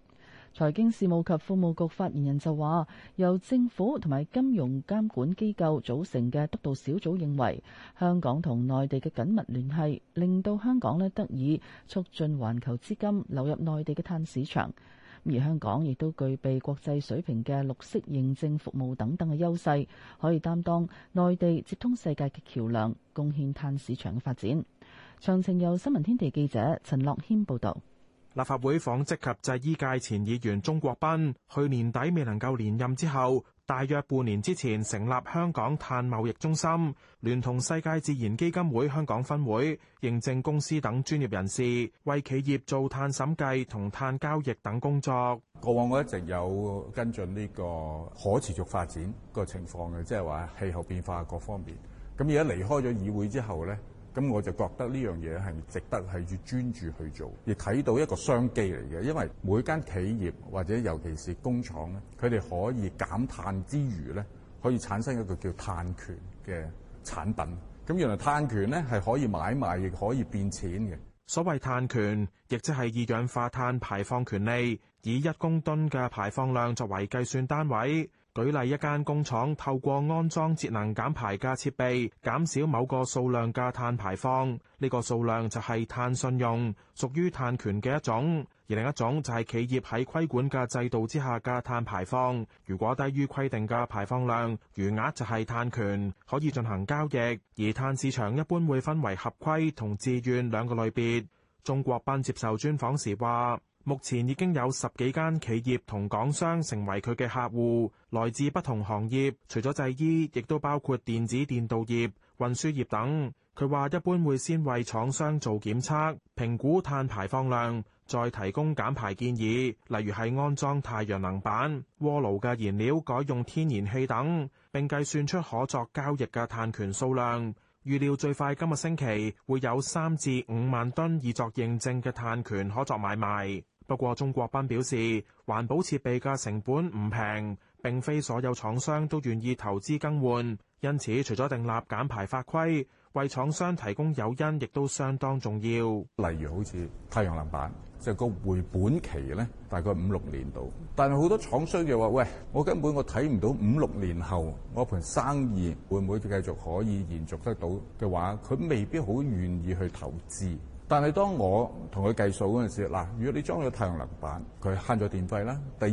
財經事務及庫務局發言人就話，由政府同埋金融監管機構組成嘅督導小組認為，香港同內地嘅緊密聯繫，令到香港呢得以促進環球資金流入內地嘅碳市場。而香港亦都具備國際水平嘅綠色認證服務等等嘅優勢，可以擔當內地接通世界嘅橋樑，貢獻碳市場嘅發展。詳情由新聞天地記者陳樂謙報道。立法會紡織及製衣界前議員鍾國斌去年底未能夠連任之後，大約半年之前成立香港碳貿易中心，聯同世界自然基金會香港分會、認證公司等專業人士，為企業做碳審計同碳交易等工作。過往我一直有跟進呢個可持續發展個情況嘅，即係話氣候變化各方面。咁而家離開咗議會之後呢。咁我就覺得呢樣嘢係值得係要專注去做，亦睇到一個商機嚟嘅。因為每間企業或者尤其是工廠咧，佢哋可以減碳之餘咧，可以產生一個叫碳權嘅產品。咁原來碳權咧係可以買賣，亦可以變錢嘅。所謂碳權，亦即係二氧化碳排放權利，以一公噸嘅排放量作為計算單位。舉例一間工廠透過安裝節能減排嘅設備，減少某個數量嘅碳排放，呢個數量就係碳信用，屬於碳權嘅一種。而另一種就係企業喺規管嘅制度之下嘅碳排放，如果低於規定嘅排放量，餘額就係碳權，可以進行交易。而碳市場一般會分為合規同自願兩個類別。中國斌接受專訪時話。目前已經有十幾間企業同港商成為佢嘅客戶，來自不同行業，除咗製衣，亦都包括電子電導業、運輸業等。佢話一般會先為廠商做檢測、評估碳排放量，再提供減排建議，例如係安裝太陽能板、鍋爐嘅燃料改用天然氣等，並計算出可作交易嘅碳權數量。預料最快今個星期會有三至五萬噸以作認證嘅碳權可作買賣。不過鍾國斌表示，環保設備嘅成本唔平，並非所有廠商都願意投資更換，因此除咗訂立減排法規。為廠商提供誘因，亦都相當重要。例如，好似太陽能板，即係個回本期咧，大概五六年度。但係好多廠商就話：喂，我根本我睇唔到五六年後我盤生意會唔會繼續可以延續得到嘅話，佢未必好願意去投資。但係當我同佢計數嗰陣時，嗱，如果你裝咗太陽能板，佢慳咗電費啦。第二，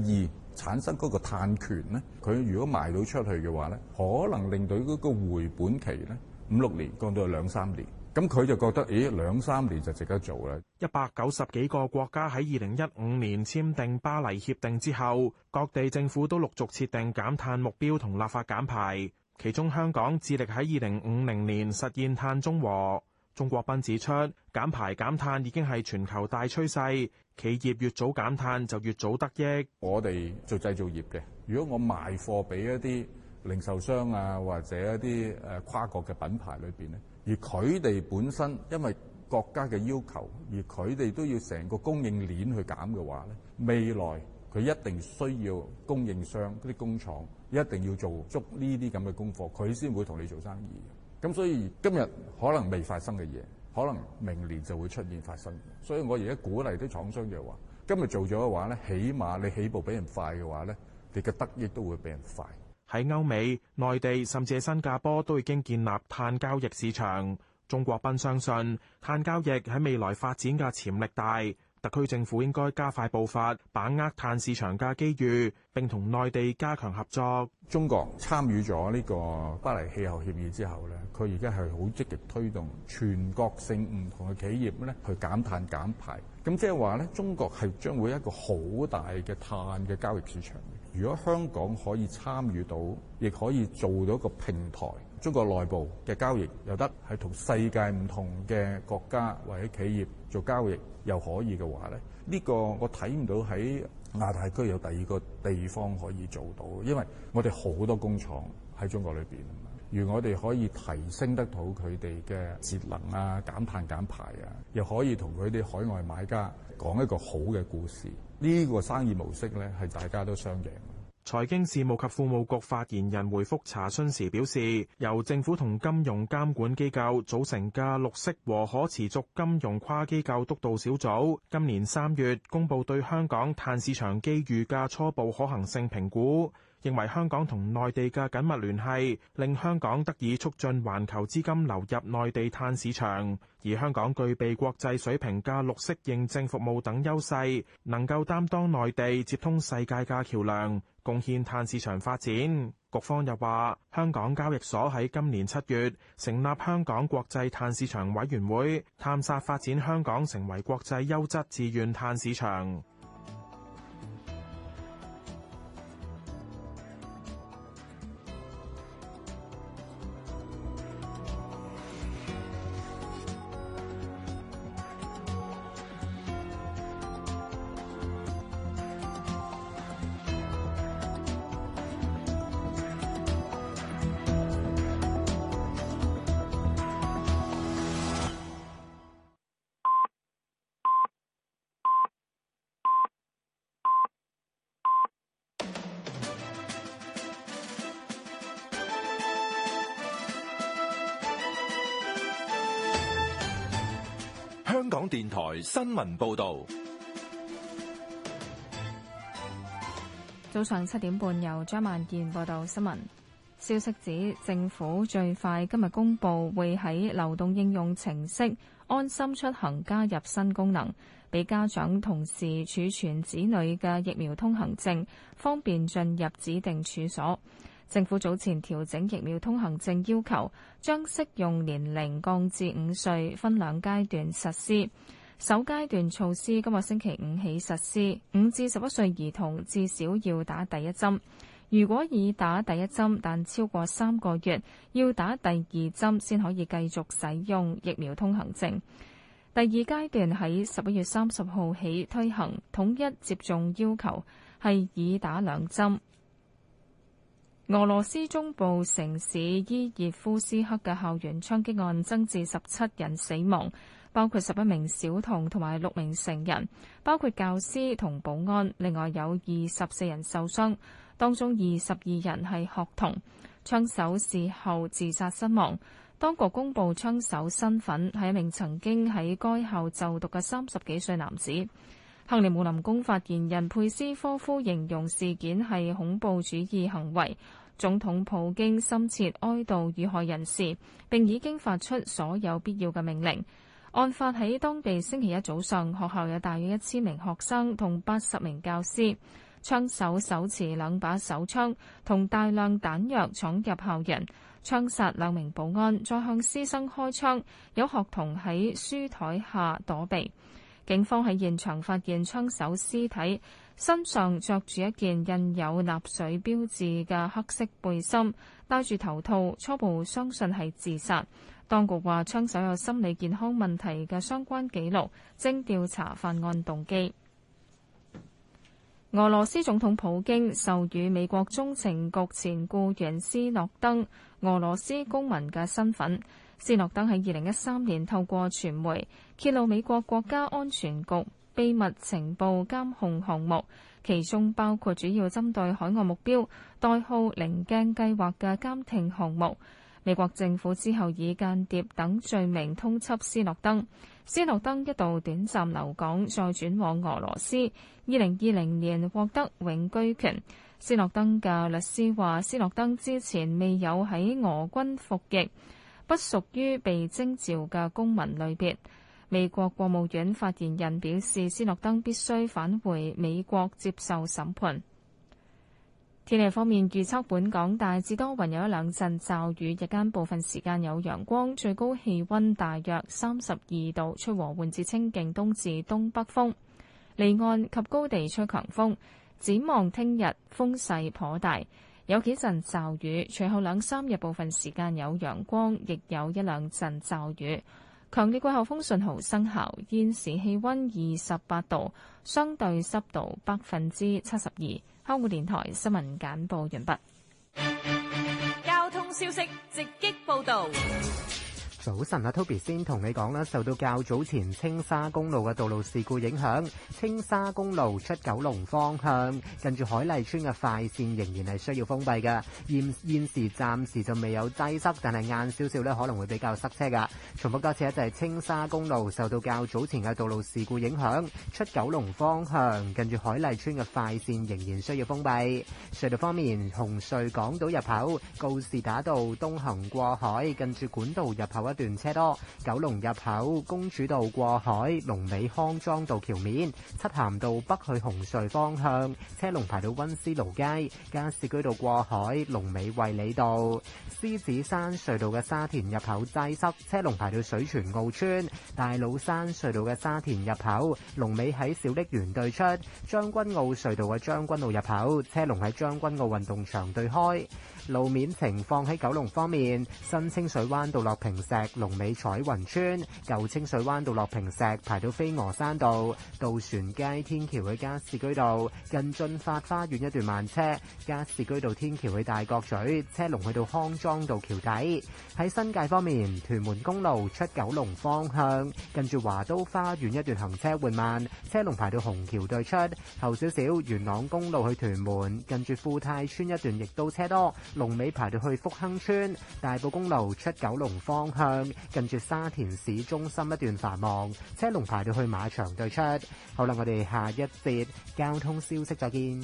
產生嗰個碳權咧，佢如果賣到出去嘅話咧，可能令到嗰個回本期咧。五六年降到兩三年，咁佢就覺得，咦，兩三年就值得做啦。一百九十幾個國家喺二零一五年簽訂巴黎協定之後，各地政府都陸續設定減碳目標同立法減排，其中香港致力喺二零五零年實現碳中和。鍾國斌指出，減排減碳已經係全球大趨勢，企業越早減碳就越早得益。我哋做製造業嘅，如果我賣貨俾一啲零售商啊，或者一啲誒、呃、跨國嘅品牌裏邊咧，而佢哋本身因為國家嘅要求，而佢哋都要成個供應鏈去減嘅話咧，未來佢一定需要供應商嗰啲工廠一定要做足呢啲咁嘅功課，佢先會同你做生意。咁所以今日可能未發生嘅嘢，可能明年就會出現發生。所以我而家鼓勵啲廠商就係話，今日做咗嘅話咧，起碼你起步比人快嘅話咧，你嘅得益都會比人快。喺歐美、內地甚至新加坡都已經建立碳交易市場。鍾國斌相信碳交易喺未來發展嘅潛力大，特區政府應該加快步伐，把握碳市場嘅機遇，並同內地加強合作。中國參與咗呢個巴黎氣候協議之後咧，佢而家係好積極推動全國性唔同嘅企業咧去減碳減排。咁即係話咧，中國係將會一個好大嘅碳嘅交易市場。如果香港可以參與到，亦可以做到一個平台，中國內部嘅交易又得，係同世界唔同嘅國家或者企業做交易又可以嘅話咧，呢個我睇唔到喺亞太區有第二個地方可以做到，因為我哋好多工廠喺中國裏邊。如我哋可以提升得到佢哋嘅節能啊、減碳減排啊，又可以同佢哋海外買家講一個好嘅故事，呢個生意模式呢，係大家都雙贏。財經事務及庫務局發言人回覆查詢時表示，由政府同金融監管機構組成嘅綠色和可持續金融跨機構督導小組，今年三月公佈對香港碳市場機遇嘅初步可行性評估。認為香港同內地嘅緊密聯繫，令香港得以促進環球資金流入內地碳市場，而香港具備國際水平嘅綠色認證服務等優勢，能夠擔當內地接通世界嘅橋梁，貢獻碳市場發展。局方又話，香港交易所喺今年七月成立香港國際碳市場委員會，探索發展香港成為國際優質自願碳市場。新聞報導，早上七點半由張萬健報道新聞。消息指政府最快今日公布，會喺流動應用程式安心出行加入新功能，俾家長同時儲存子女嘅疫苗通行證，方便進入指定處所。政府早前調整疫苗通行證要求，將適用年齡降至五歲，分兩階段實施。首階段措施今個星期五起實施，五至十一歲兒童至少要打第一針。如果已打第一針，但超過三個月，要打第二針先可以繼續使用疫苗通行證。第二階段喺十一月三十號起推行統一接種要求，係已打兩針。俄羅斯中部城市伊熱夫斯克嘅校園槍擊案增至十七人死亡。包括十一名小童同埋六名成人，包括教師同保安。另外有二十四人受傷，當中二十二人係學童。槍手事後自殺身亡。當局公布槍手身份係一名曾經喺該校就讀嘅三十幾歲男子。克里姆林宮發言人佩斯科夫形容事件係恐怖主義行為，總統普京深切哀悼遇害人士，並已經發出所有必要嘅命令。案發喺當地星期一早上，學校有大約一千名學生同八十名教師。槍手手持兩把手槍同大量彈藥闖入校園，槍殺兩名保安，再向師生開槍。有學童喺書台下躲避。警方喺現場發現槍手屍體，身上着住一件印有納粹標誌嘅黑色背心，戴住頭套，初步相信係自殺。當局話：槍手有心理健康問題嘅相關記錄，正調查犯案動機。俄羅斯總統普京授予美國中情局前雇員斯諾登俄羅斯公民嘅身份。斯諾登喺二零一三年透過傳媒揭露美國國家安全局秘密情報監控項目，其中包括主要針對海外目標代號「棱鏡」計劃嘅監聽項目。美國政府之後以間諜等罪名通緝斯諾登。斯諾登一度短暫留港，再轉往俄羅斯。二零二零年獲得永居權。斯諾登嘅律師話，斯諾登之前未有喺俄軍服役，不屬於被徵召嘅公民類別。美國國務院發言人表示，斯諾登必須返回美國接受審判。天氣方面，預測本港大致多雲，有一兩陣驟雨，日間部分時間有陽光，最高氣温大約三十二度，吹和緩至清勁東至東北風，離岸及高地吹強風。展望聽日風勢頗大，有幾陣驟雨，隨後兩三日部分時間有陽光，亦有一兩陣驟雨。強烈季候風信號生效，現時氣溫二十八度，相對濕度百分之七十二。香港電台新聞簡報完畢。交通消息直擊報道。早晨啊，Toby 先同你講啦，受到較早前青沙公路嘅道路事故影響，青沙公路出九龍方向，近住海麗村嘅快線仍然係需要封閉嘅。現現時暫時就未有擠塞，但係晏少少咧可能會比較塞車噶。重複多次啊，就係青沙公路受到較早前嘅道路事故影響，出九龍方向，近住海麗村嘅快線仍然需要封閉。隧道方面，紅隧港島入口告士打道東行過海，近住管道入口一。段車多，九龍入口公主道過海，龍尾康莊道橋面；漆咸道北去紅隧方向，車龍排到温思勞街；加士居道過海，龍尾衛理道；獅子山隧道嘅沙田入口擠塞，車龍排到水泉澳村；大老山隧道嘅沙田入口，龍尾喺小瀝源對出；將軍澳隧道嘅將軍澳入口，車龍喺將軍澳運動場對開。路面情況喺九龍方面，新清水灣到落坪石、龍尾彩雲村、舊清水灣到落坪石排到飛鵝山道、渡船街天橋去加士居道，近進發花園一段慢車；加士居道天橋去大角咀，車龍去到康莊道橋底。喺新界方面，屯門公路出九龍方向，近住華都花園一段行車緩慢，車龍排到紅橋對出後少少；元朗公路去屯門，近住富泰村一段亦都車多。龍尾排到去福亨村，大埔公路出九龍方向，近住沙田市中心一段繁忙，車龍排到去馬場對出。好啦，我哋下一節交通消息再見。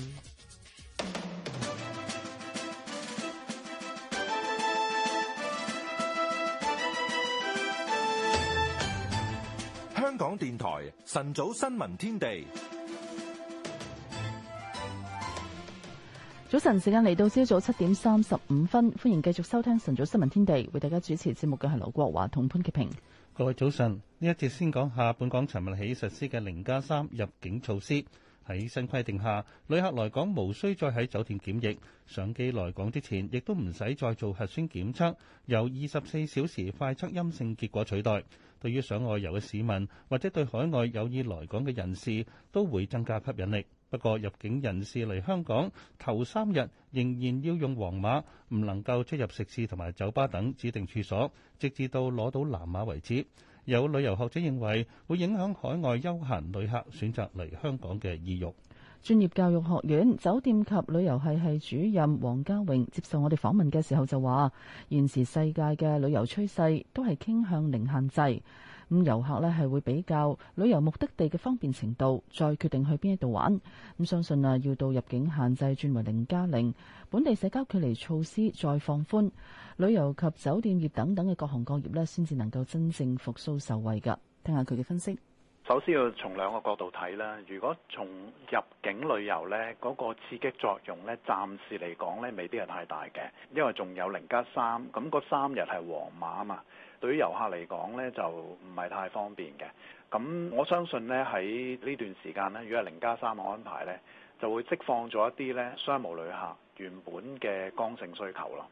香港電台晨早新聞天地。早晨時間嚟到朝早七點三十五分，歡迎繼續收聽晨早新聞天地，為大家主持節目嘅係劉國華同潘潔平。各位早晨，呢一節先講下本港尋日起實施嘅零加三入境措施。喺新規定下，旅客來港無需再喺酒店檢疫，上機來港之前亦都唔使再做核酸檢測，由二十四小時快測陰性結果取代。對於上外遊嘅市民或者對海外有意來港嘅人士，都會增加吸引力。不過，入境人士嚟香港頭三日仍然要用黃碼，唔能夠出入食肆同埋酒吧等指定處所，直至到攞到藍碼為止。有旅遊學者認為，會影響海外休閒旅客選擇嚟香港嘅意欲。專業教育學院酒店及旅遊系系主任黃家榮接受我哋訪問嘅時候就話：現時世界嘅旅遊趨勢都係傾向零限制。咁遊客呢係會比較旅遊目的地嘅方便程度，再決定去邊一度玩。咁相信啊，要到入境限制轉為零加零，本地社交距離措施再放寬，旅遊及酒店業等等嘅各行各業呢，先至能夠真正復甦受惠㗎。聽下佢嘅分析。首先要從兩個角度睇啦。如果從入境旅遊呢，嗰個刺激作用呢，暫時嚟講呢，未必係太大嘅，因為仲有零加三，咁嗰三日係黃馬啊嘛。對於遊客嚟講呢就唔係太方便嘅。咁我相信呢喺呢段時間呢，如果係零加三嘅安排呢就會釋放咗一啲呢商務旅客原本嘅剛性需求咯。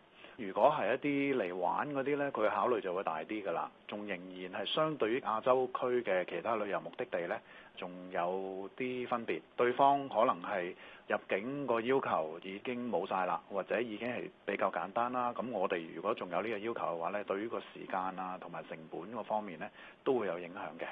如果係一啲嚟玩嗰啲呢，佢考慮就會大啲㗎啦。仲仍然係相對於亞洲區嘅其他旅遊目的地呢，仲有啲分別。對方可能係入境個要求已經冇晒啦，或者已經係比較簡單啦。咁我哋如果仲有呢個要求嘅話呢，對於個時間啊同埋成本個方面呢，都會有影響嘅。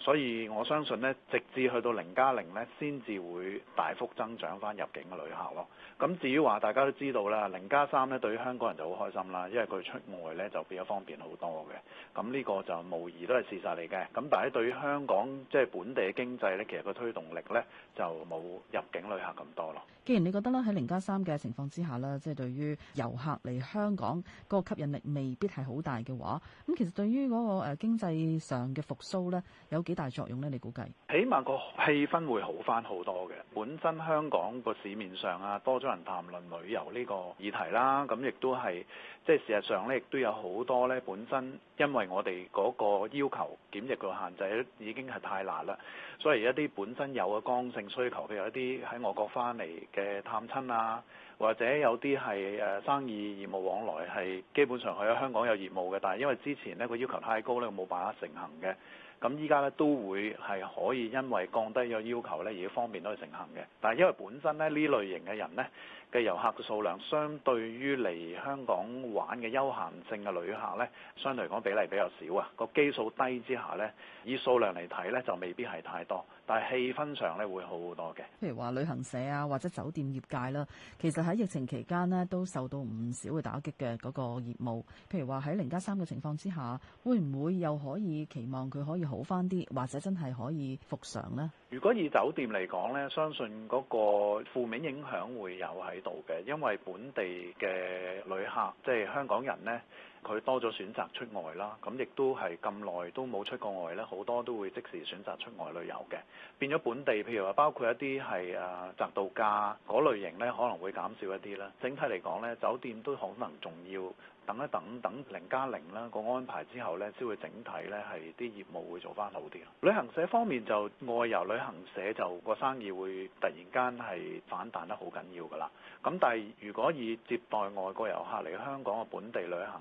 所以我相信呢，直至去到零加零呢，先至會大幅增長翻入境嘅旅客咯。咁至於話，大家都知道啦，零加三呢，對於香港人就好開心啦，因為佢出外呢就比較方便好多嘅。咁呢個就無疑都係事實嚟嘅。咁但係對於香港即係本地嘅經濟呢，其實個推動力呢就冇入境旅客咁多咯。既然你覺得啦，喺零加三嘅情況之下咧，即係對於遊客嚟香港嗰個吸引力未必係好大嘅話，咁其實對於嗰個誒經濟上嘅復甦呢。有。幾大作用呢？你估計起碼個氣氛會好翻好多嘅。本身香港個市面上啊，多咗人談論旅遊呢個議題啦。咁亦都係即係事實上呢，亦都有好多呢。本身因為我哋嗰個要求檢疫個限制已經係太難啦。所以一啲本身有嘅剛性需求，譬如一啲喺外國翻嚟嘅探親啊，或者有啲係誒生意業務往來係基本上係喺香港有業務嘅，但係因為之前呢個要求太高呢，冇辦法成行嘅。咁依家咧，都會係可以，因為降低咗要求咧，而方便到成行嘅。但係因為本身咧，呢類型嘅人咧。嘅遊客嘅數量，相對於嚟香港玩嘅休閒性嘅旅客咧，相對嚟講比例比較少啊。個基數低之下咧，以數量嚟睇咧就未必係太多，但係氣氛上咧會好好多嘅。譬如話旅行社啊，或者酒店業界啦，其實喺疫情期間咧都受到唔少嘅打擊嘅嗰個業務。譬如話，喺零加三嘅情況之下，會唔會又可以期望佢可以好翻啲，或者真係可以復常咧？如果以酒店嚟講咧，相信嗰個負面影響會有喺。因為本地嘅旅客，即係香港人咧。佢多咗選擇出外啦，咁亦都係咁耐都冇出過外呢。好多都會即時選擇出外旅遊嘅，變咗本地，譬如話包括一啲係誒宅度假嗰類型呢，可能會減少一啲啦。整體嚟講呢，酒店都可能仲要等，等一等，等零加零啦個安排之後呢，先會整體呢係啲業務會做翻好啲。旅行社方面就外遊旅行社就個生意會突然間係反彈得好緊要㗎啦。咁但係如果以接待外國遊客嚟香港嘅本地旅行，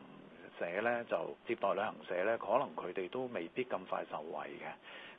社咧就接待旅行社咧，可能佢哋都未必咁快受惠嘅。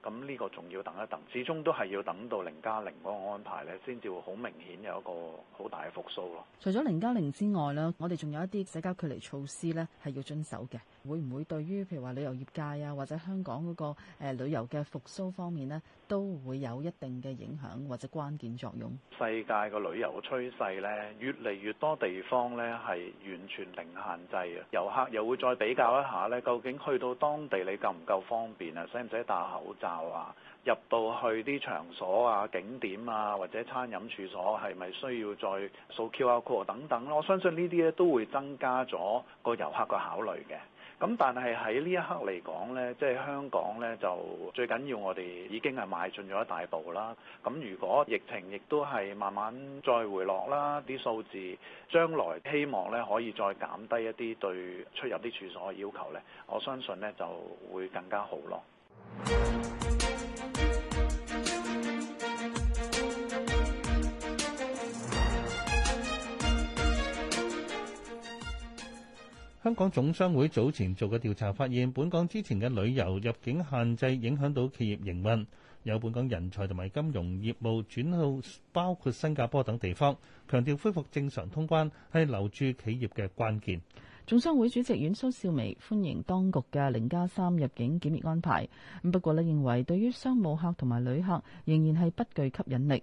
咁、這、呢個仲要等一等，始終都係要等到零加零嗰個安排咧，先至會好明顯有一個好大嘅復甦咯。除咗零加零之外咧，我哋仲有一啲社交距離措施咧，係要遵守嘅。會唔會對於譬如話旅遊業界啊，或者香港嗰個旅遊嘅復甦方面呢，都會有一定嘅影響或者關鍵作用？世界嘅旅遊嘅趨勢咧，越嚟越多地方咧係完全零限制啊！遊客又會再比較一下咧，究竟去到當地你夠唔夠方便啊？使唔使戴口罩啊？入到去啲場所啊、景點啊，或者餐飲處所，係咪需要再掃 QR code 等等咯？我相信呢啲咧都會增加咗個遊客嘅考慮嘅。咁但係喺呢一刻嚟講呢，即係香港呢，就最緊要我哋已經係邁進咗一大步啦。咁如果疫情亦都係慢慢再回落啦，啲數字將來希望呢可以再減低一啲對出入啲處所嘅要求呢，我相信呢就會更加好咯。 香港總商會早前做嘅調查發現本港之前嘅旅遊入境限制影響到企業營運，有本港人才同埋金融業務轉到包括新加坡等地方，強調恢復正常通關係留住企業嘅關鍵。總商會主席阮蘇少湄歡迎當局嘅零加三入境檢疫安排，咁不過咧認為對於商務客同埋旅客仍然係不具吸引力。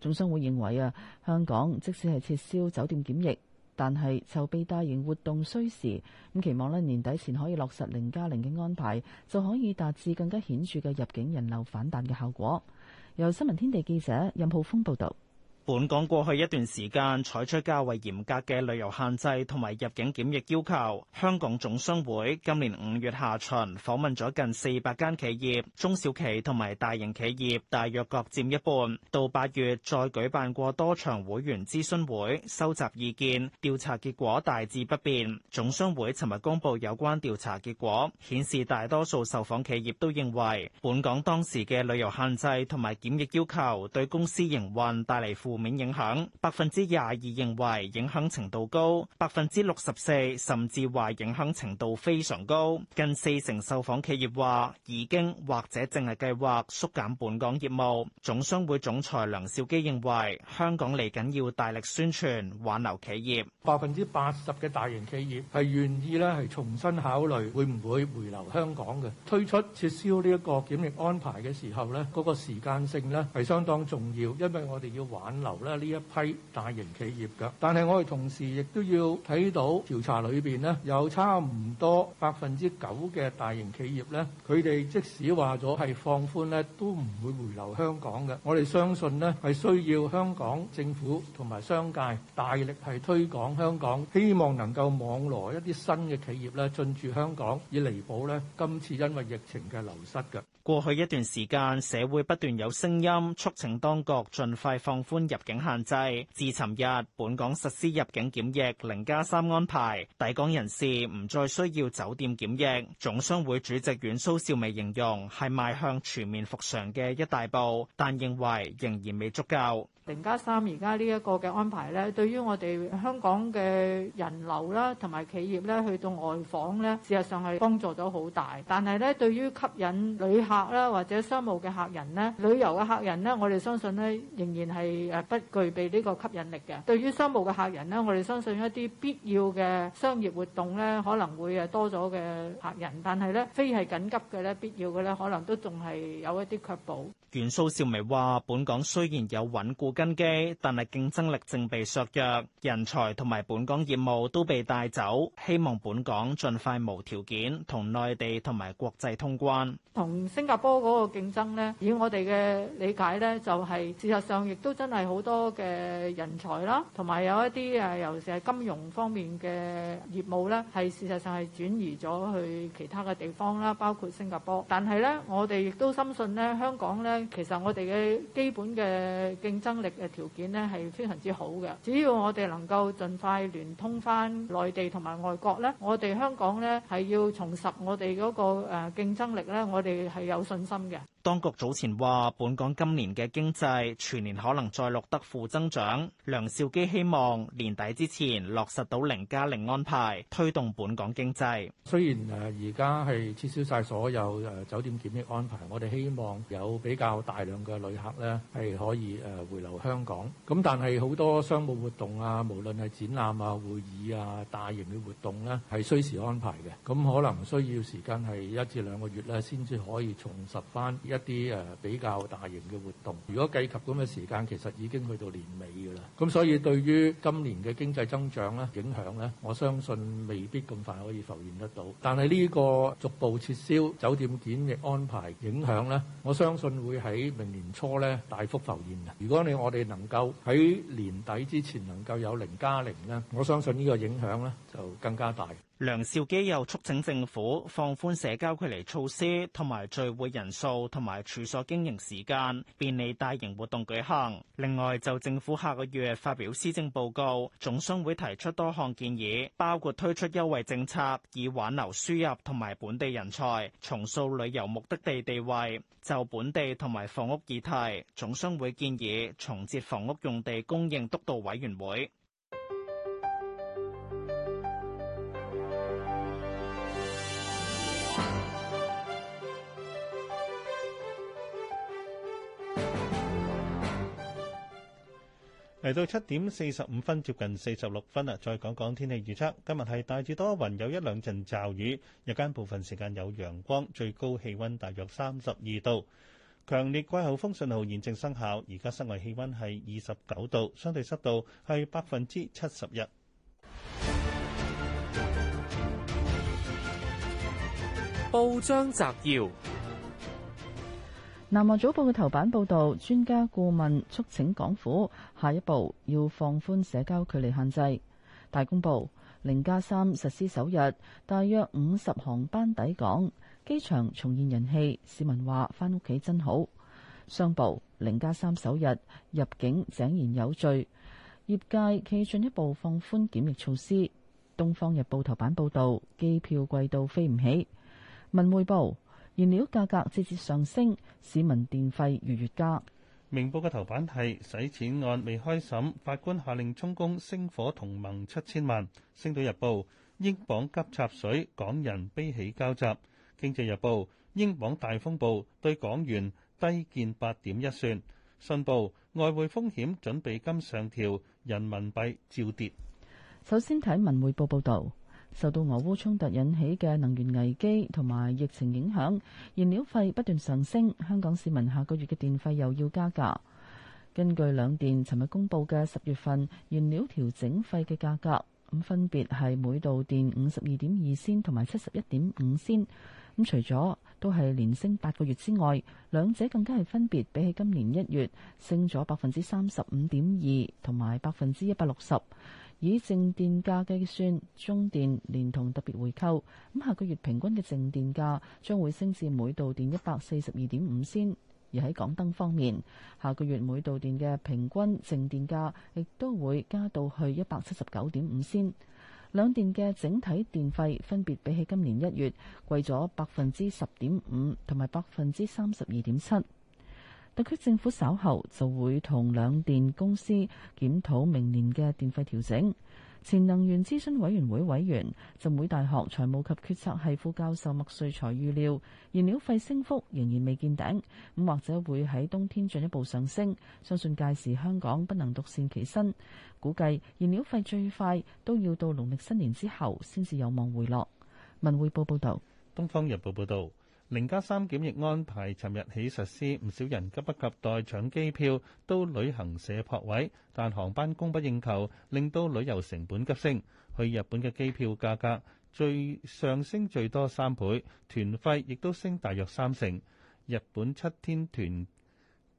總商會認為啊，香港即使係撤銷酒店檢疫，但係籌備大型活動需時，咁期望呢年底前可以落實零加零嘅安排，就可以達至更加顯著嘅入境人流反彈嘅效果。由新聞天地記者任浩峰報導。本港過去一段時間採取較為嚴格嘅旅遊限制同埋入境檢疫要求。香港總商會今年五月下旬訪問咗近四百間企業，中小企同埋大型企業大約各佔一半。到八月再舉辦過多場會員諮詢會，收集意見。調查結果大致不變。總商會尋日公佈有關調查結果，顯示大多數受訪企業都認為本港當時嘅旅遊限制同埋檢疫要求對公司營運帶嚟負負面影響，百分之廿二認為影響程度高，百分之六十四甚至話影響程度非常高。近四成受訪企業話已經或者淨係計劃縮減本港業務。總商會總裁梁兆基認為，香港嚟緊要大力宣傳挽留企業。百分之八十嘅大型企業係願意咧係重新考慮會唔會回流香港嘅。推出撤銷呢一個檢疫安排嘅時候呢，嗰個時間性呢係相當重要，因為我哋要挽。留咧呢一批大型企業嘅，但係我哋同時亦都要睇到調查裏邊咧，有差唔多百分之九嘅大型企業咧，佢哋即使話咗係放寬咧，都唔會回流香港嘅。我哋相信咧，係需要香港政府同埋商界大力係推廣香港，希望能夠網羅一啲新嘅企業咧進駐香港，以彌補咧今次因為疫情嘅流失嘅。過去一段時間，社會不斷有聲音促請當局盡快放寬入境限制。自尋日，本港實施入境檢疫零加三安排，抵港人士唔再需要酒店檢疫。總商會主席阮蘇少薇形容係邁向全面復常嘅一大步，但認為仍然未足夠。零加三而家呢一個嘅安排咧，對於我哋香港嘅人流啦，同埋企業咧去到外訪呢，事實上係幫助咗好大。但係呢，對於吸引旅客，客啦，或者商務嘅客人咧，旅遊嘅客人咧，我哋相信咧仍然係誒不具備呢個吸引力嘅。對於商務嘅客人咧，我哋相信一啲必要嘅商業活動咧，可能會誒多咗嘅客人，但係咧非係緊急嘅咧，必要嘅咧，可能都仲係有一啲確保。阮蘇少湄話：本港雖然有穩固根基，但係競爭力正被削弱，人才同埋本港業務都被帶走。希望本港盡快無條件同內地同埋國際通關。同星。新加坡嗰個競爭咧，以我哋嘅理解咧，就係事實上亦都真係好多嘅人才啦，同埋有一啲誒尤其係金融方面嘅業務咧，係事實上係轉移咗去其他嘅地方啦，包括新加坡。但係咧，我哋亦都深信咧，香港咧，其實我哋嘅基本嘅競爭力嘅條件咧，係非常之好嘅。只要我哋能夠盡快聯通翻內地同埋外國咧，我哋香港咧係要重拾我哋嗰個誒競爭力咧，我哋係有。有信心嘅。當局早前話，本港今年嘅經濟全年可能再落得負增長。梁兆基希望年底之前落實到零加零安排，推動本港經濟。雖然誒而家係撤銷曬所有誒酒店檢疫安排，我哋希望有比較大量嘅旅客咧係可以誒回流香港。咁但係好多商務活動啊，無論係展覽啊、會議啊、大型嘅活動呢，係需時安排嘅。咁可能需要時間係一至兩個月咧，先至可以重拾返。一啲誒比較大型嘅活動，如果計及咁嘅時間，其實已經去到年尾㗎啦。咁所以對於今年嘅經濟增長咧，影響咧，我相信未必咁快可以浮現得到。但係呢個逐步撤銷酒店檢疫安排影響咧，我相信會喺明年初咧大幅浮現嘅。如果你我哋能夠喺年底之前能夠有零加零咧，我相信呢個影響咧就更加大。梁兆基又促請政府放寬社交距離措施，同埋聚會人數同埋處所經營時間便利大型活動舉行。另外，就政府下個月發表施政報告，總商會提出多項建議，包括推出優惠政策，以挽留輸入同埋本地人才，重塑旅遊目的地地位。就本地同埋房屋議題，總商會建議重設房屋用地供應督導委員會。嚟到七點四十五分，接近四十六分啦。再講講天氣預測，今日係大致多雲，有一兩陣驟雨，日間部分時間有陽光，最高氣溫大約三十二度。強烈季候風信號現正生效，而家室外氣溫係二十九度，相對濕度係百分之七十一。報章摘要。南華早報嘅頭版報道，專家顧問促請港府下一步要放寬社交距離限制。大公報零加三實施首日，大約五十航班抵港，機場重現人氣，市民話返屋企真好。商報零加三首日入境井然有序，業界冀進一步放寬檢疫措施。東方日報頭版報道，機票貴到飛唔起。文匯報。原料價格節節上升，市民電費越越加。明報嘅頭版係洗錢案未開審，法官下令充公星火同盟七千萬。星島日報：英鎊急插水，港人悲喜交集。經濟日報：英鎊大風暴，對港元低見八點一算。信報：外匯風險準備金上調，人民幣照跌。首先睇文匯報報導。受到俄烏衝突引起嘅能源危機同埋疫情影響，燃料費不斷上升，香港市民下個月嘅電費又要加價。根據兩電尋日公佈嘅十月份燃料調整費嘅價格，咁分別係每度電五十二點二仙同埋七十一點五仙。咁除咗都係連升八個月之外，兩者更加係分別比起今年一月升咗百分之三十五點二同埋百分之一百六十。以淨電價計算，中電連同特別回扣，咁下個月平均嘅淨電價將會升至每度電一百四十二點五仙。而喺港燈方面，下個月每度電嘅平均淨電價亦都會加到去一百七十九點五仙。兩電嘅整體電費分別比起今年一月貴咗百分之十點五同埋百分之三十二點七。特區政府稍後就會同兩電公司檢討明年嘅電費調整。前能源諮詢委員會委員、浸會大學財務及決策系副教授麥瑞才預料，燃料費升幅仍然未見頂，咁或者會喺冬天進一步上升。相信屆時香港不能獨善其身，估計燃料費最快都要到農曆新年之後先至有望回落。文匯報報道。《東方日報》報道。零加三檢疫安排，尋日起實施，唔少人急不及待搶機票，都旅行社撲位，但航班供不應求，令到旅遊成本急升。去日本嘅機票價格最上升最多三倍，團費亦都升大約三成。日本七天團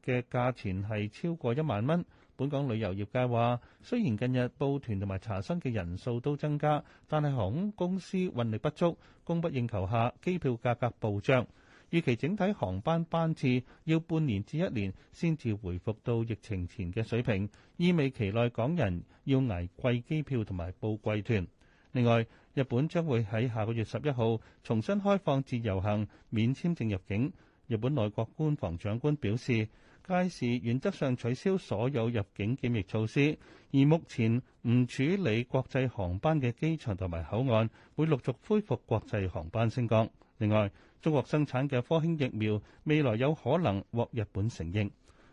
嘅價錢係超過一萬蚊。本港旅遊業界話：雖然近日報團同埋查詢嘅人數都增加，但係航空公司運力不足，供不應求下，機票價格暴漲。預期整體航班班次要半年至一年先至回復到疫情前嘅水平，意味期內港人要捱貴機票同埋報貴團。另外，日本將會喺下個月十一號重新開放自由行，免簽證入境。日本內閣官房長官表示：屆時原則上取消所有入境檢疫措施，而目前唔處理國際航班嘅機場同埋口岸會陸續恢復國際航班升降。另外，中國生產嘅科興疫苗未來有可能獲日本承認。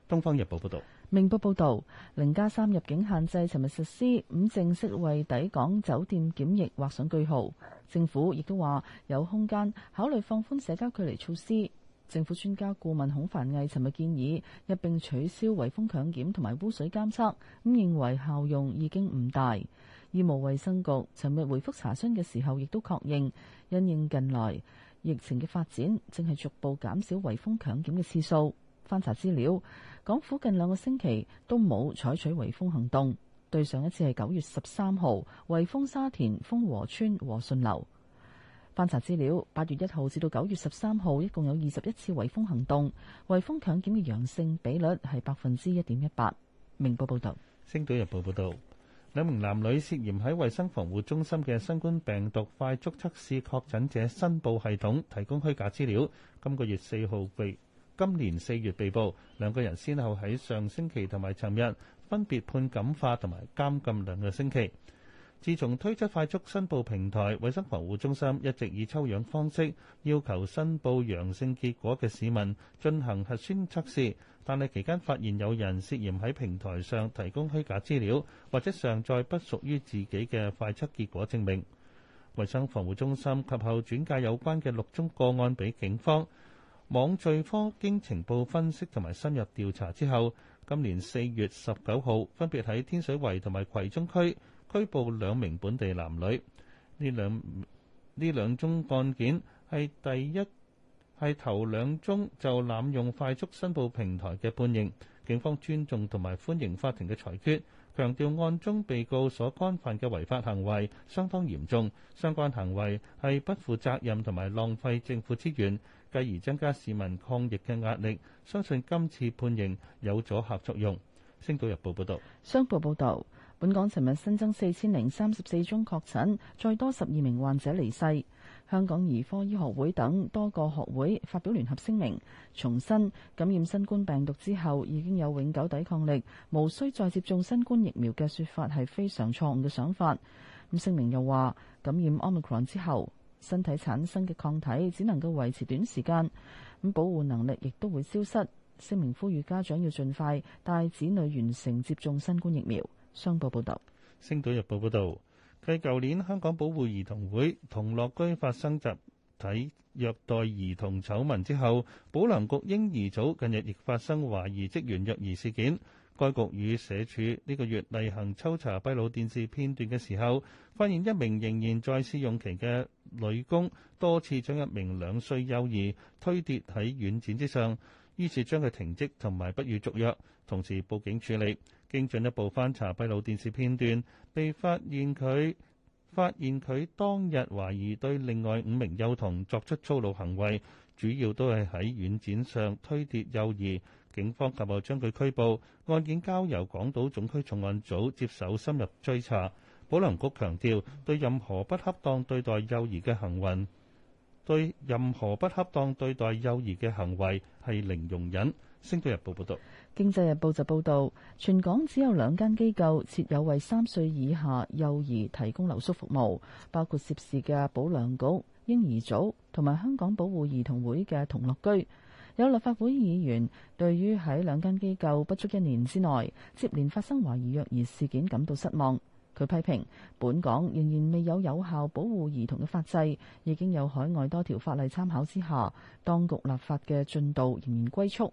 東方日報報道。明報報道，零加三入境限制尋日實施，五正式為抵港酒店檢疫畫上句號，政府亦都話有空間考慮放寬社交距離措施。政府專家顧問孔凡毅尋日建議一並取消圍封強檢同埋污水監測，咁認為效用已經唔大。醫務衛生局尋日回覆查詢嘅時候，亦都確認，因應近來疫情嘅發展，正係逐步減少圍封強檢嘅次數。翻查資料，港府近兩個星期都冇採取圍封行動，對上一次係九月十三號，圍封沙田豐和邨和順樓。翻查資料，八月1號至到9月13號，一共有二十一次圍封行動，圍封強檢嘅陽性比率係百分之一點一八。明報報導，《星島日報》報導，兩名男女涉嫌喺衞生防護中心嘅新冠病毒快速測試確診者申報系統提供虛假資料，今個月4號被，今年4月被捕，兩個人先後喺上星期同埋尋日分別判感化同埋監禁兩個星期。自從推出快速申報平台，衞生防護中心一直以抽樣方式要求申報陽性結果嘅市民進行核酸測試，但係期間發現有人涉嫌喺平台上提供虛假資料，或者上載不屬於自己嘅快測結果證明。衞生防護中心及後轉介有關嘅六宗個案俾警方網罪科，經情報分析同埋深入調查之後，今年四月十九號分別喺天水圍同埋葵涌區，拘捕兩名本地男女，呢兩呢兩宗案件係第一係頭兩宗就濫用快速申報平台嘅判刑，警方尊重同埋歡迎法庭嘅裁決，強調案中被告所干犯嘅違法行為相當嚴重，相關行為係不負責任同埋浪費政府資源，繼而增加市民抗疫嘅壓力，相信今次判刑有阻嚇作用。星島日報報道。商報報道。本港尋日新增四千零三十四宗確診，再多十二名患者離世。香港兒科醫學會等多個學會發表聯合聲明，重申感染新冠病毒之後已經有永久抵抗力，無需再接種新冠疫苗嘅說法係非常錯誤嘅想法。咁聲明又話，感染 Omicron 之後，身體產生嘅抗體只能夠維持短時間，咁保護能力亦都會消失。聲明呼籲家長要盡快帶子女完成接種新冠疫苗。商報報道，《星島日報》報道，繼舊年香港保護兒童會同樂居發生集體虐待兒童醜聞之後，保良局嬰兒組近日亦發生懷疑職員虐兒事件。該局與社署呢個月例行抽查閉路電視片段嘅時候，發現一名仍然在試用期嘅女工，多次將一名兩歲幼兒推跌喺軟墊之上。於是將佢停職同埋不予續約，同時報警處理。經進一步翻查閉路電視片段，被發現佢發現佢當日懷疑對另外五名幼童作出粗魯行為，主要都係喺軟展上推跌幼兒。警方及後將佢拘捕，案件交由港島總區重案組接手深入追查。保良局強調，對任何不恰當對待幼兒嘅行為。對任何不恰當對待幼兒嘅行為係零容忍。星島日報報道，經濟日報就報道，全港只有兩間機構設有為三歲以下幼兒提供留宿服務，包括涉事嘅保良局嬰兒組同埋香港保護兒童會嘅同樂居。有立法會議員對於喺兩間機構不足一年之內接連發生懷疑虐兒事件感到失望。佢批評本港仍然未有有效保護兒童嘅法制，已經有海外多條法例參考之下，當局立法嘅進度仍然龜速。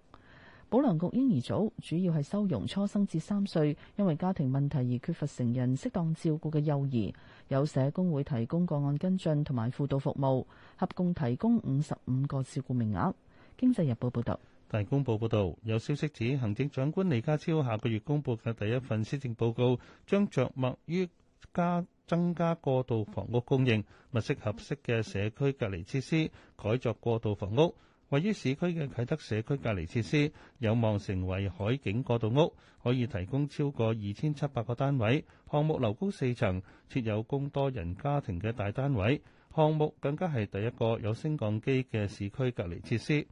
保良局嬰兒組主要係收容初生至三歲，因為家庭問題而缺乏成人適當照顧嘅幼兒，有社工會提供個案跟進同埋輔導服務，合共提供五十五個照顧名額。經濟日報報道。大公報報導，有消息指，行政長官李家超下個月公佈嘅第一份施政報告，將着墨於加增加過渡房屋供應，物色合適嘅社區隔離設施改作過渡房屋。位於市區嘅啟德社區隔離設施有望成為海景過渡屋，可以提供超過二千七百個單位。項目樓高四層，設有供多人家庭嘅大單位。項目更加係第一個有升降機嘅市區隔離設施。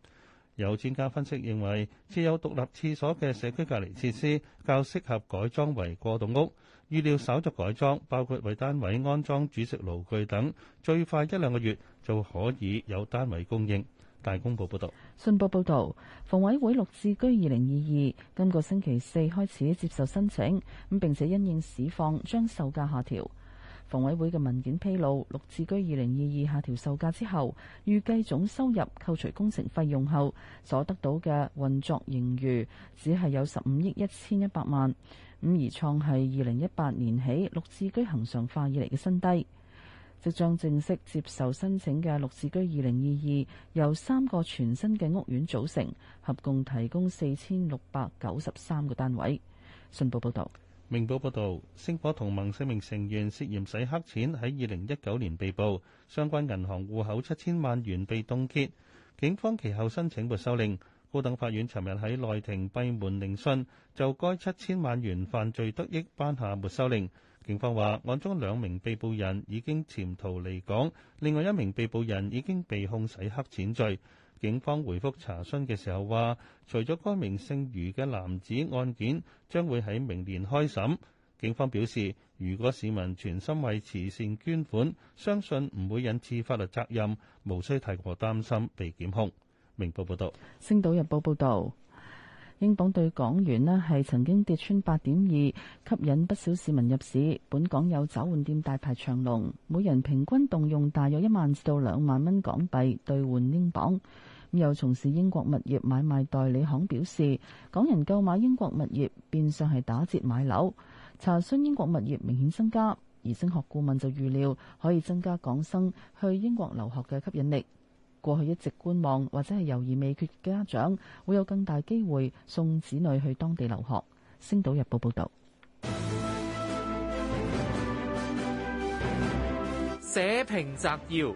有專家分析認為，設有獨立廁所嘅社區隔離設施較適合改裝為過渡屋。預料稍作改裝，包括為單位安裝煮食爐具等，最快一兩個月就可以有單位供應。大公報報道：「信報報道，房委會綠置居二零二二今個星期四開始接受申請，咁並且因應市況將售價下調。」房委會嘅文件披露，綠置居二零二二下調售價之後，預計總收入扣除工程費用後所得到嘅運作盈餘只係有十五億一千一百萬，五而創係二零一八年起綠置居恆常化以嚟嘅新低。即將正式接受申請嘅綠置居二零二二由三個全新嘅屋苑組成，合共提供四千六百九十三個單位。信報報道。明報報道，星火同盟四名成員涉嫌洗黑錢，喺二零一九年被捕，相關銀行戶口七千萬元被凍結。警方其後申請沒收令，高等法院尋日喺內庭閉門聆訊，就該七千萬元犯罪得益頒下沒收令。警方話，案中兩名被捕人已經潛逃離港，另外一名被捕人已經被控洗黑錢罪。警方回覆查詢嘅時候話，除咗該名姓余嘅男子案件將會喺明年開審，警方表示，如果市民全心為慈善捐款，相信唔會引致法律責任，無需太過擔心被檢控。明報報道。星島日報報道。英鎊兌港元呢係曾經跌穿八點二，吸引不少市民入市。本港有找換店大排長龍，每人平均動用大約一萬至到兩萬蚊港幣兌換英鎊。又從事英國物業買賣代理行表示，港人購買英國物業變相係打折買樓。查詢英國物業明顯增加，而升學顧問就預料可以增加港生去英國留學嘅吸引力。過去一直觀望或者係猶豫未決家長，會有更大機會送子女去當地留學。星島日報報道社評摘要，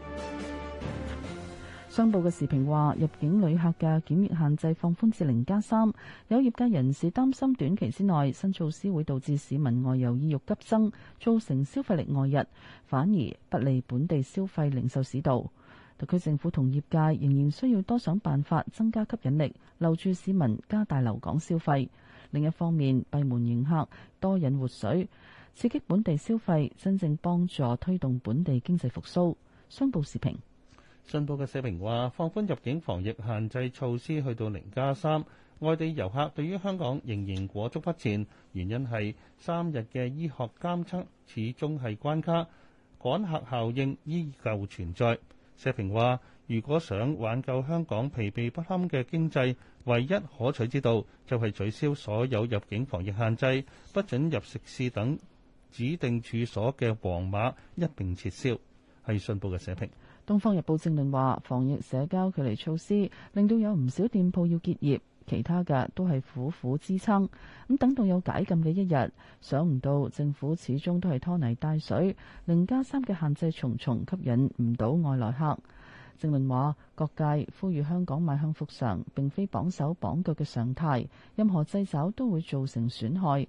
商報嘅時評話，入境旅客嘅檢疫限制放寬至零加三，3，有業界人士擔心短期之內，新措施會導致市民外遊意欲急增，造成消費力外溢，反而不利本地消費零售市道。特區政府同業界仍然需要多想辦法增加吸引力，留住市民，加大留港消費。另一方面，閉門迎客多引活水，刺激本地消費，真正幫助推動本地經濟復甦。商報視屏，信報嘅社評話：放寬入境防疫限制措施去到零加三，3, 外地遊客對於香港仍然裹足不前，原因係三日嘅醫學監測始終係關卡，趕客效應依舊存在。社評話：如果想挽救香港疲憊不堪嘅經濟，唯一可取之道就係、是、取消所有入境防疫限制，不准入食肆等指定處所嘅黃碼一併撤銷。係信報嘅社評。東方日報正論話：防疫社交距離措施令到有唔少店鋪要結業。其他嘅都係苦苦支撐，咁等到有解禁嘅一日，想唔到政府始終都係拖泥帶水，零加三嘅限制重重吸引唔到外來客。政論話，各界呼籲香港邁向復常，並非綁手綁腳嘅常態，任何掣肘都會造成損害。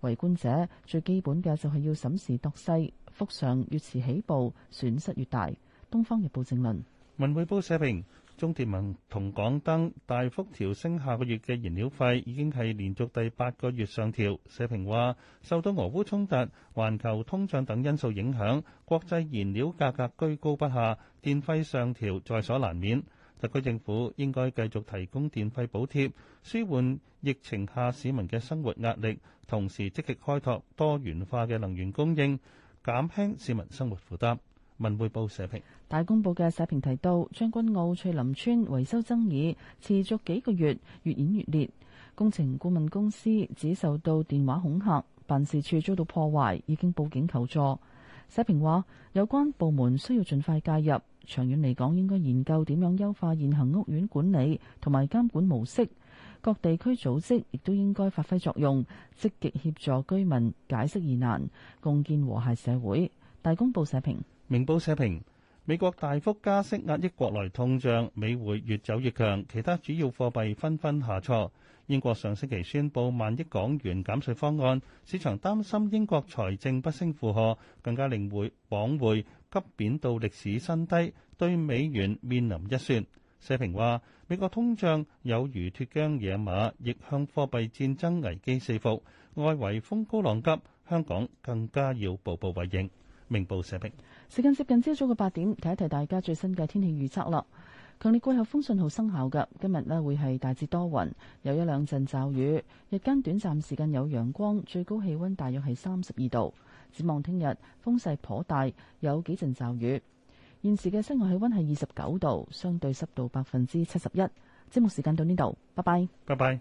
圍觀者最基本嘅就係要審時度勢，復常越遲起步，損失越大。《東方日報》政論，《文匯報》社評。中電盟同港燈大幅調升下個月嘅燃料費已經係連續第八個月上調。社評話，受到俄烏衝突、環球通脹等因素影響，國際燃料價格居高不下，電費上調在所難免，特區政府應該繼續提供電費補貼，舒緩疫情下市民嘅生活壓力，同時積極開拓多元化嘅能源供應，減輕市民生活負擔。文匯報社評。大公報嘅社評提到，將軍澳翠林村維修爭議持續幾個月，越演越烈。工程顧問公司只受到電話恐嚇，辦事處遭到破壞，已經報警求助。社評話，有關部門需要盡快介入，長遠嚟講應該研究點樣優化現行屋苑管理同埋監管模式。各地區組織亦都應該發揮作用，積極協助居民解釋疑難，共建和諧社會。大公報社評，明報社評。美國大幅加息壓抑國內通脹，美匯越走越強，其他主要貨幣紛紛下挫。英國上星期宣佈萬億港元減稅方案，市場擔心英國財政不勝負荷，更加令匯往匯急貶到歷史新低，對美元面臨一算。社評話：美國通脹有如脫韁野馬，逆向貨幣戰爭危機四伏，外圍風高浪急，香港更加要步步為營。明報社評。時間接近朝早嘅八點，提一提大家最新嘅天氣預測啦。強烈季候風信號生效㗎，今日呢會係大致多雲，有一兩陣驟雨，日間短暫時間有陽光，最高氣溫大約係三十二度。展望聽日風勢頗大，有幾陣驟雨。現時嘅室外氣溫係二十九度，相對濕度百分之七十一。節目時間到呢度，拜拜，拜拜。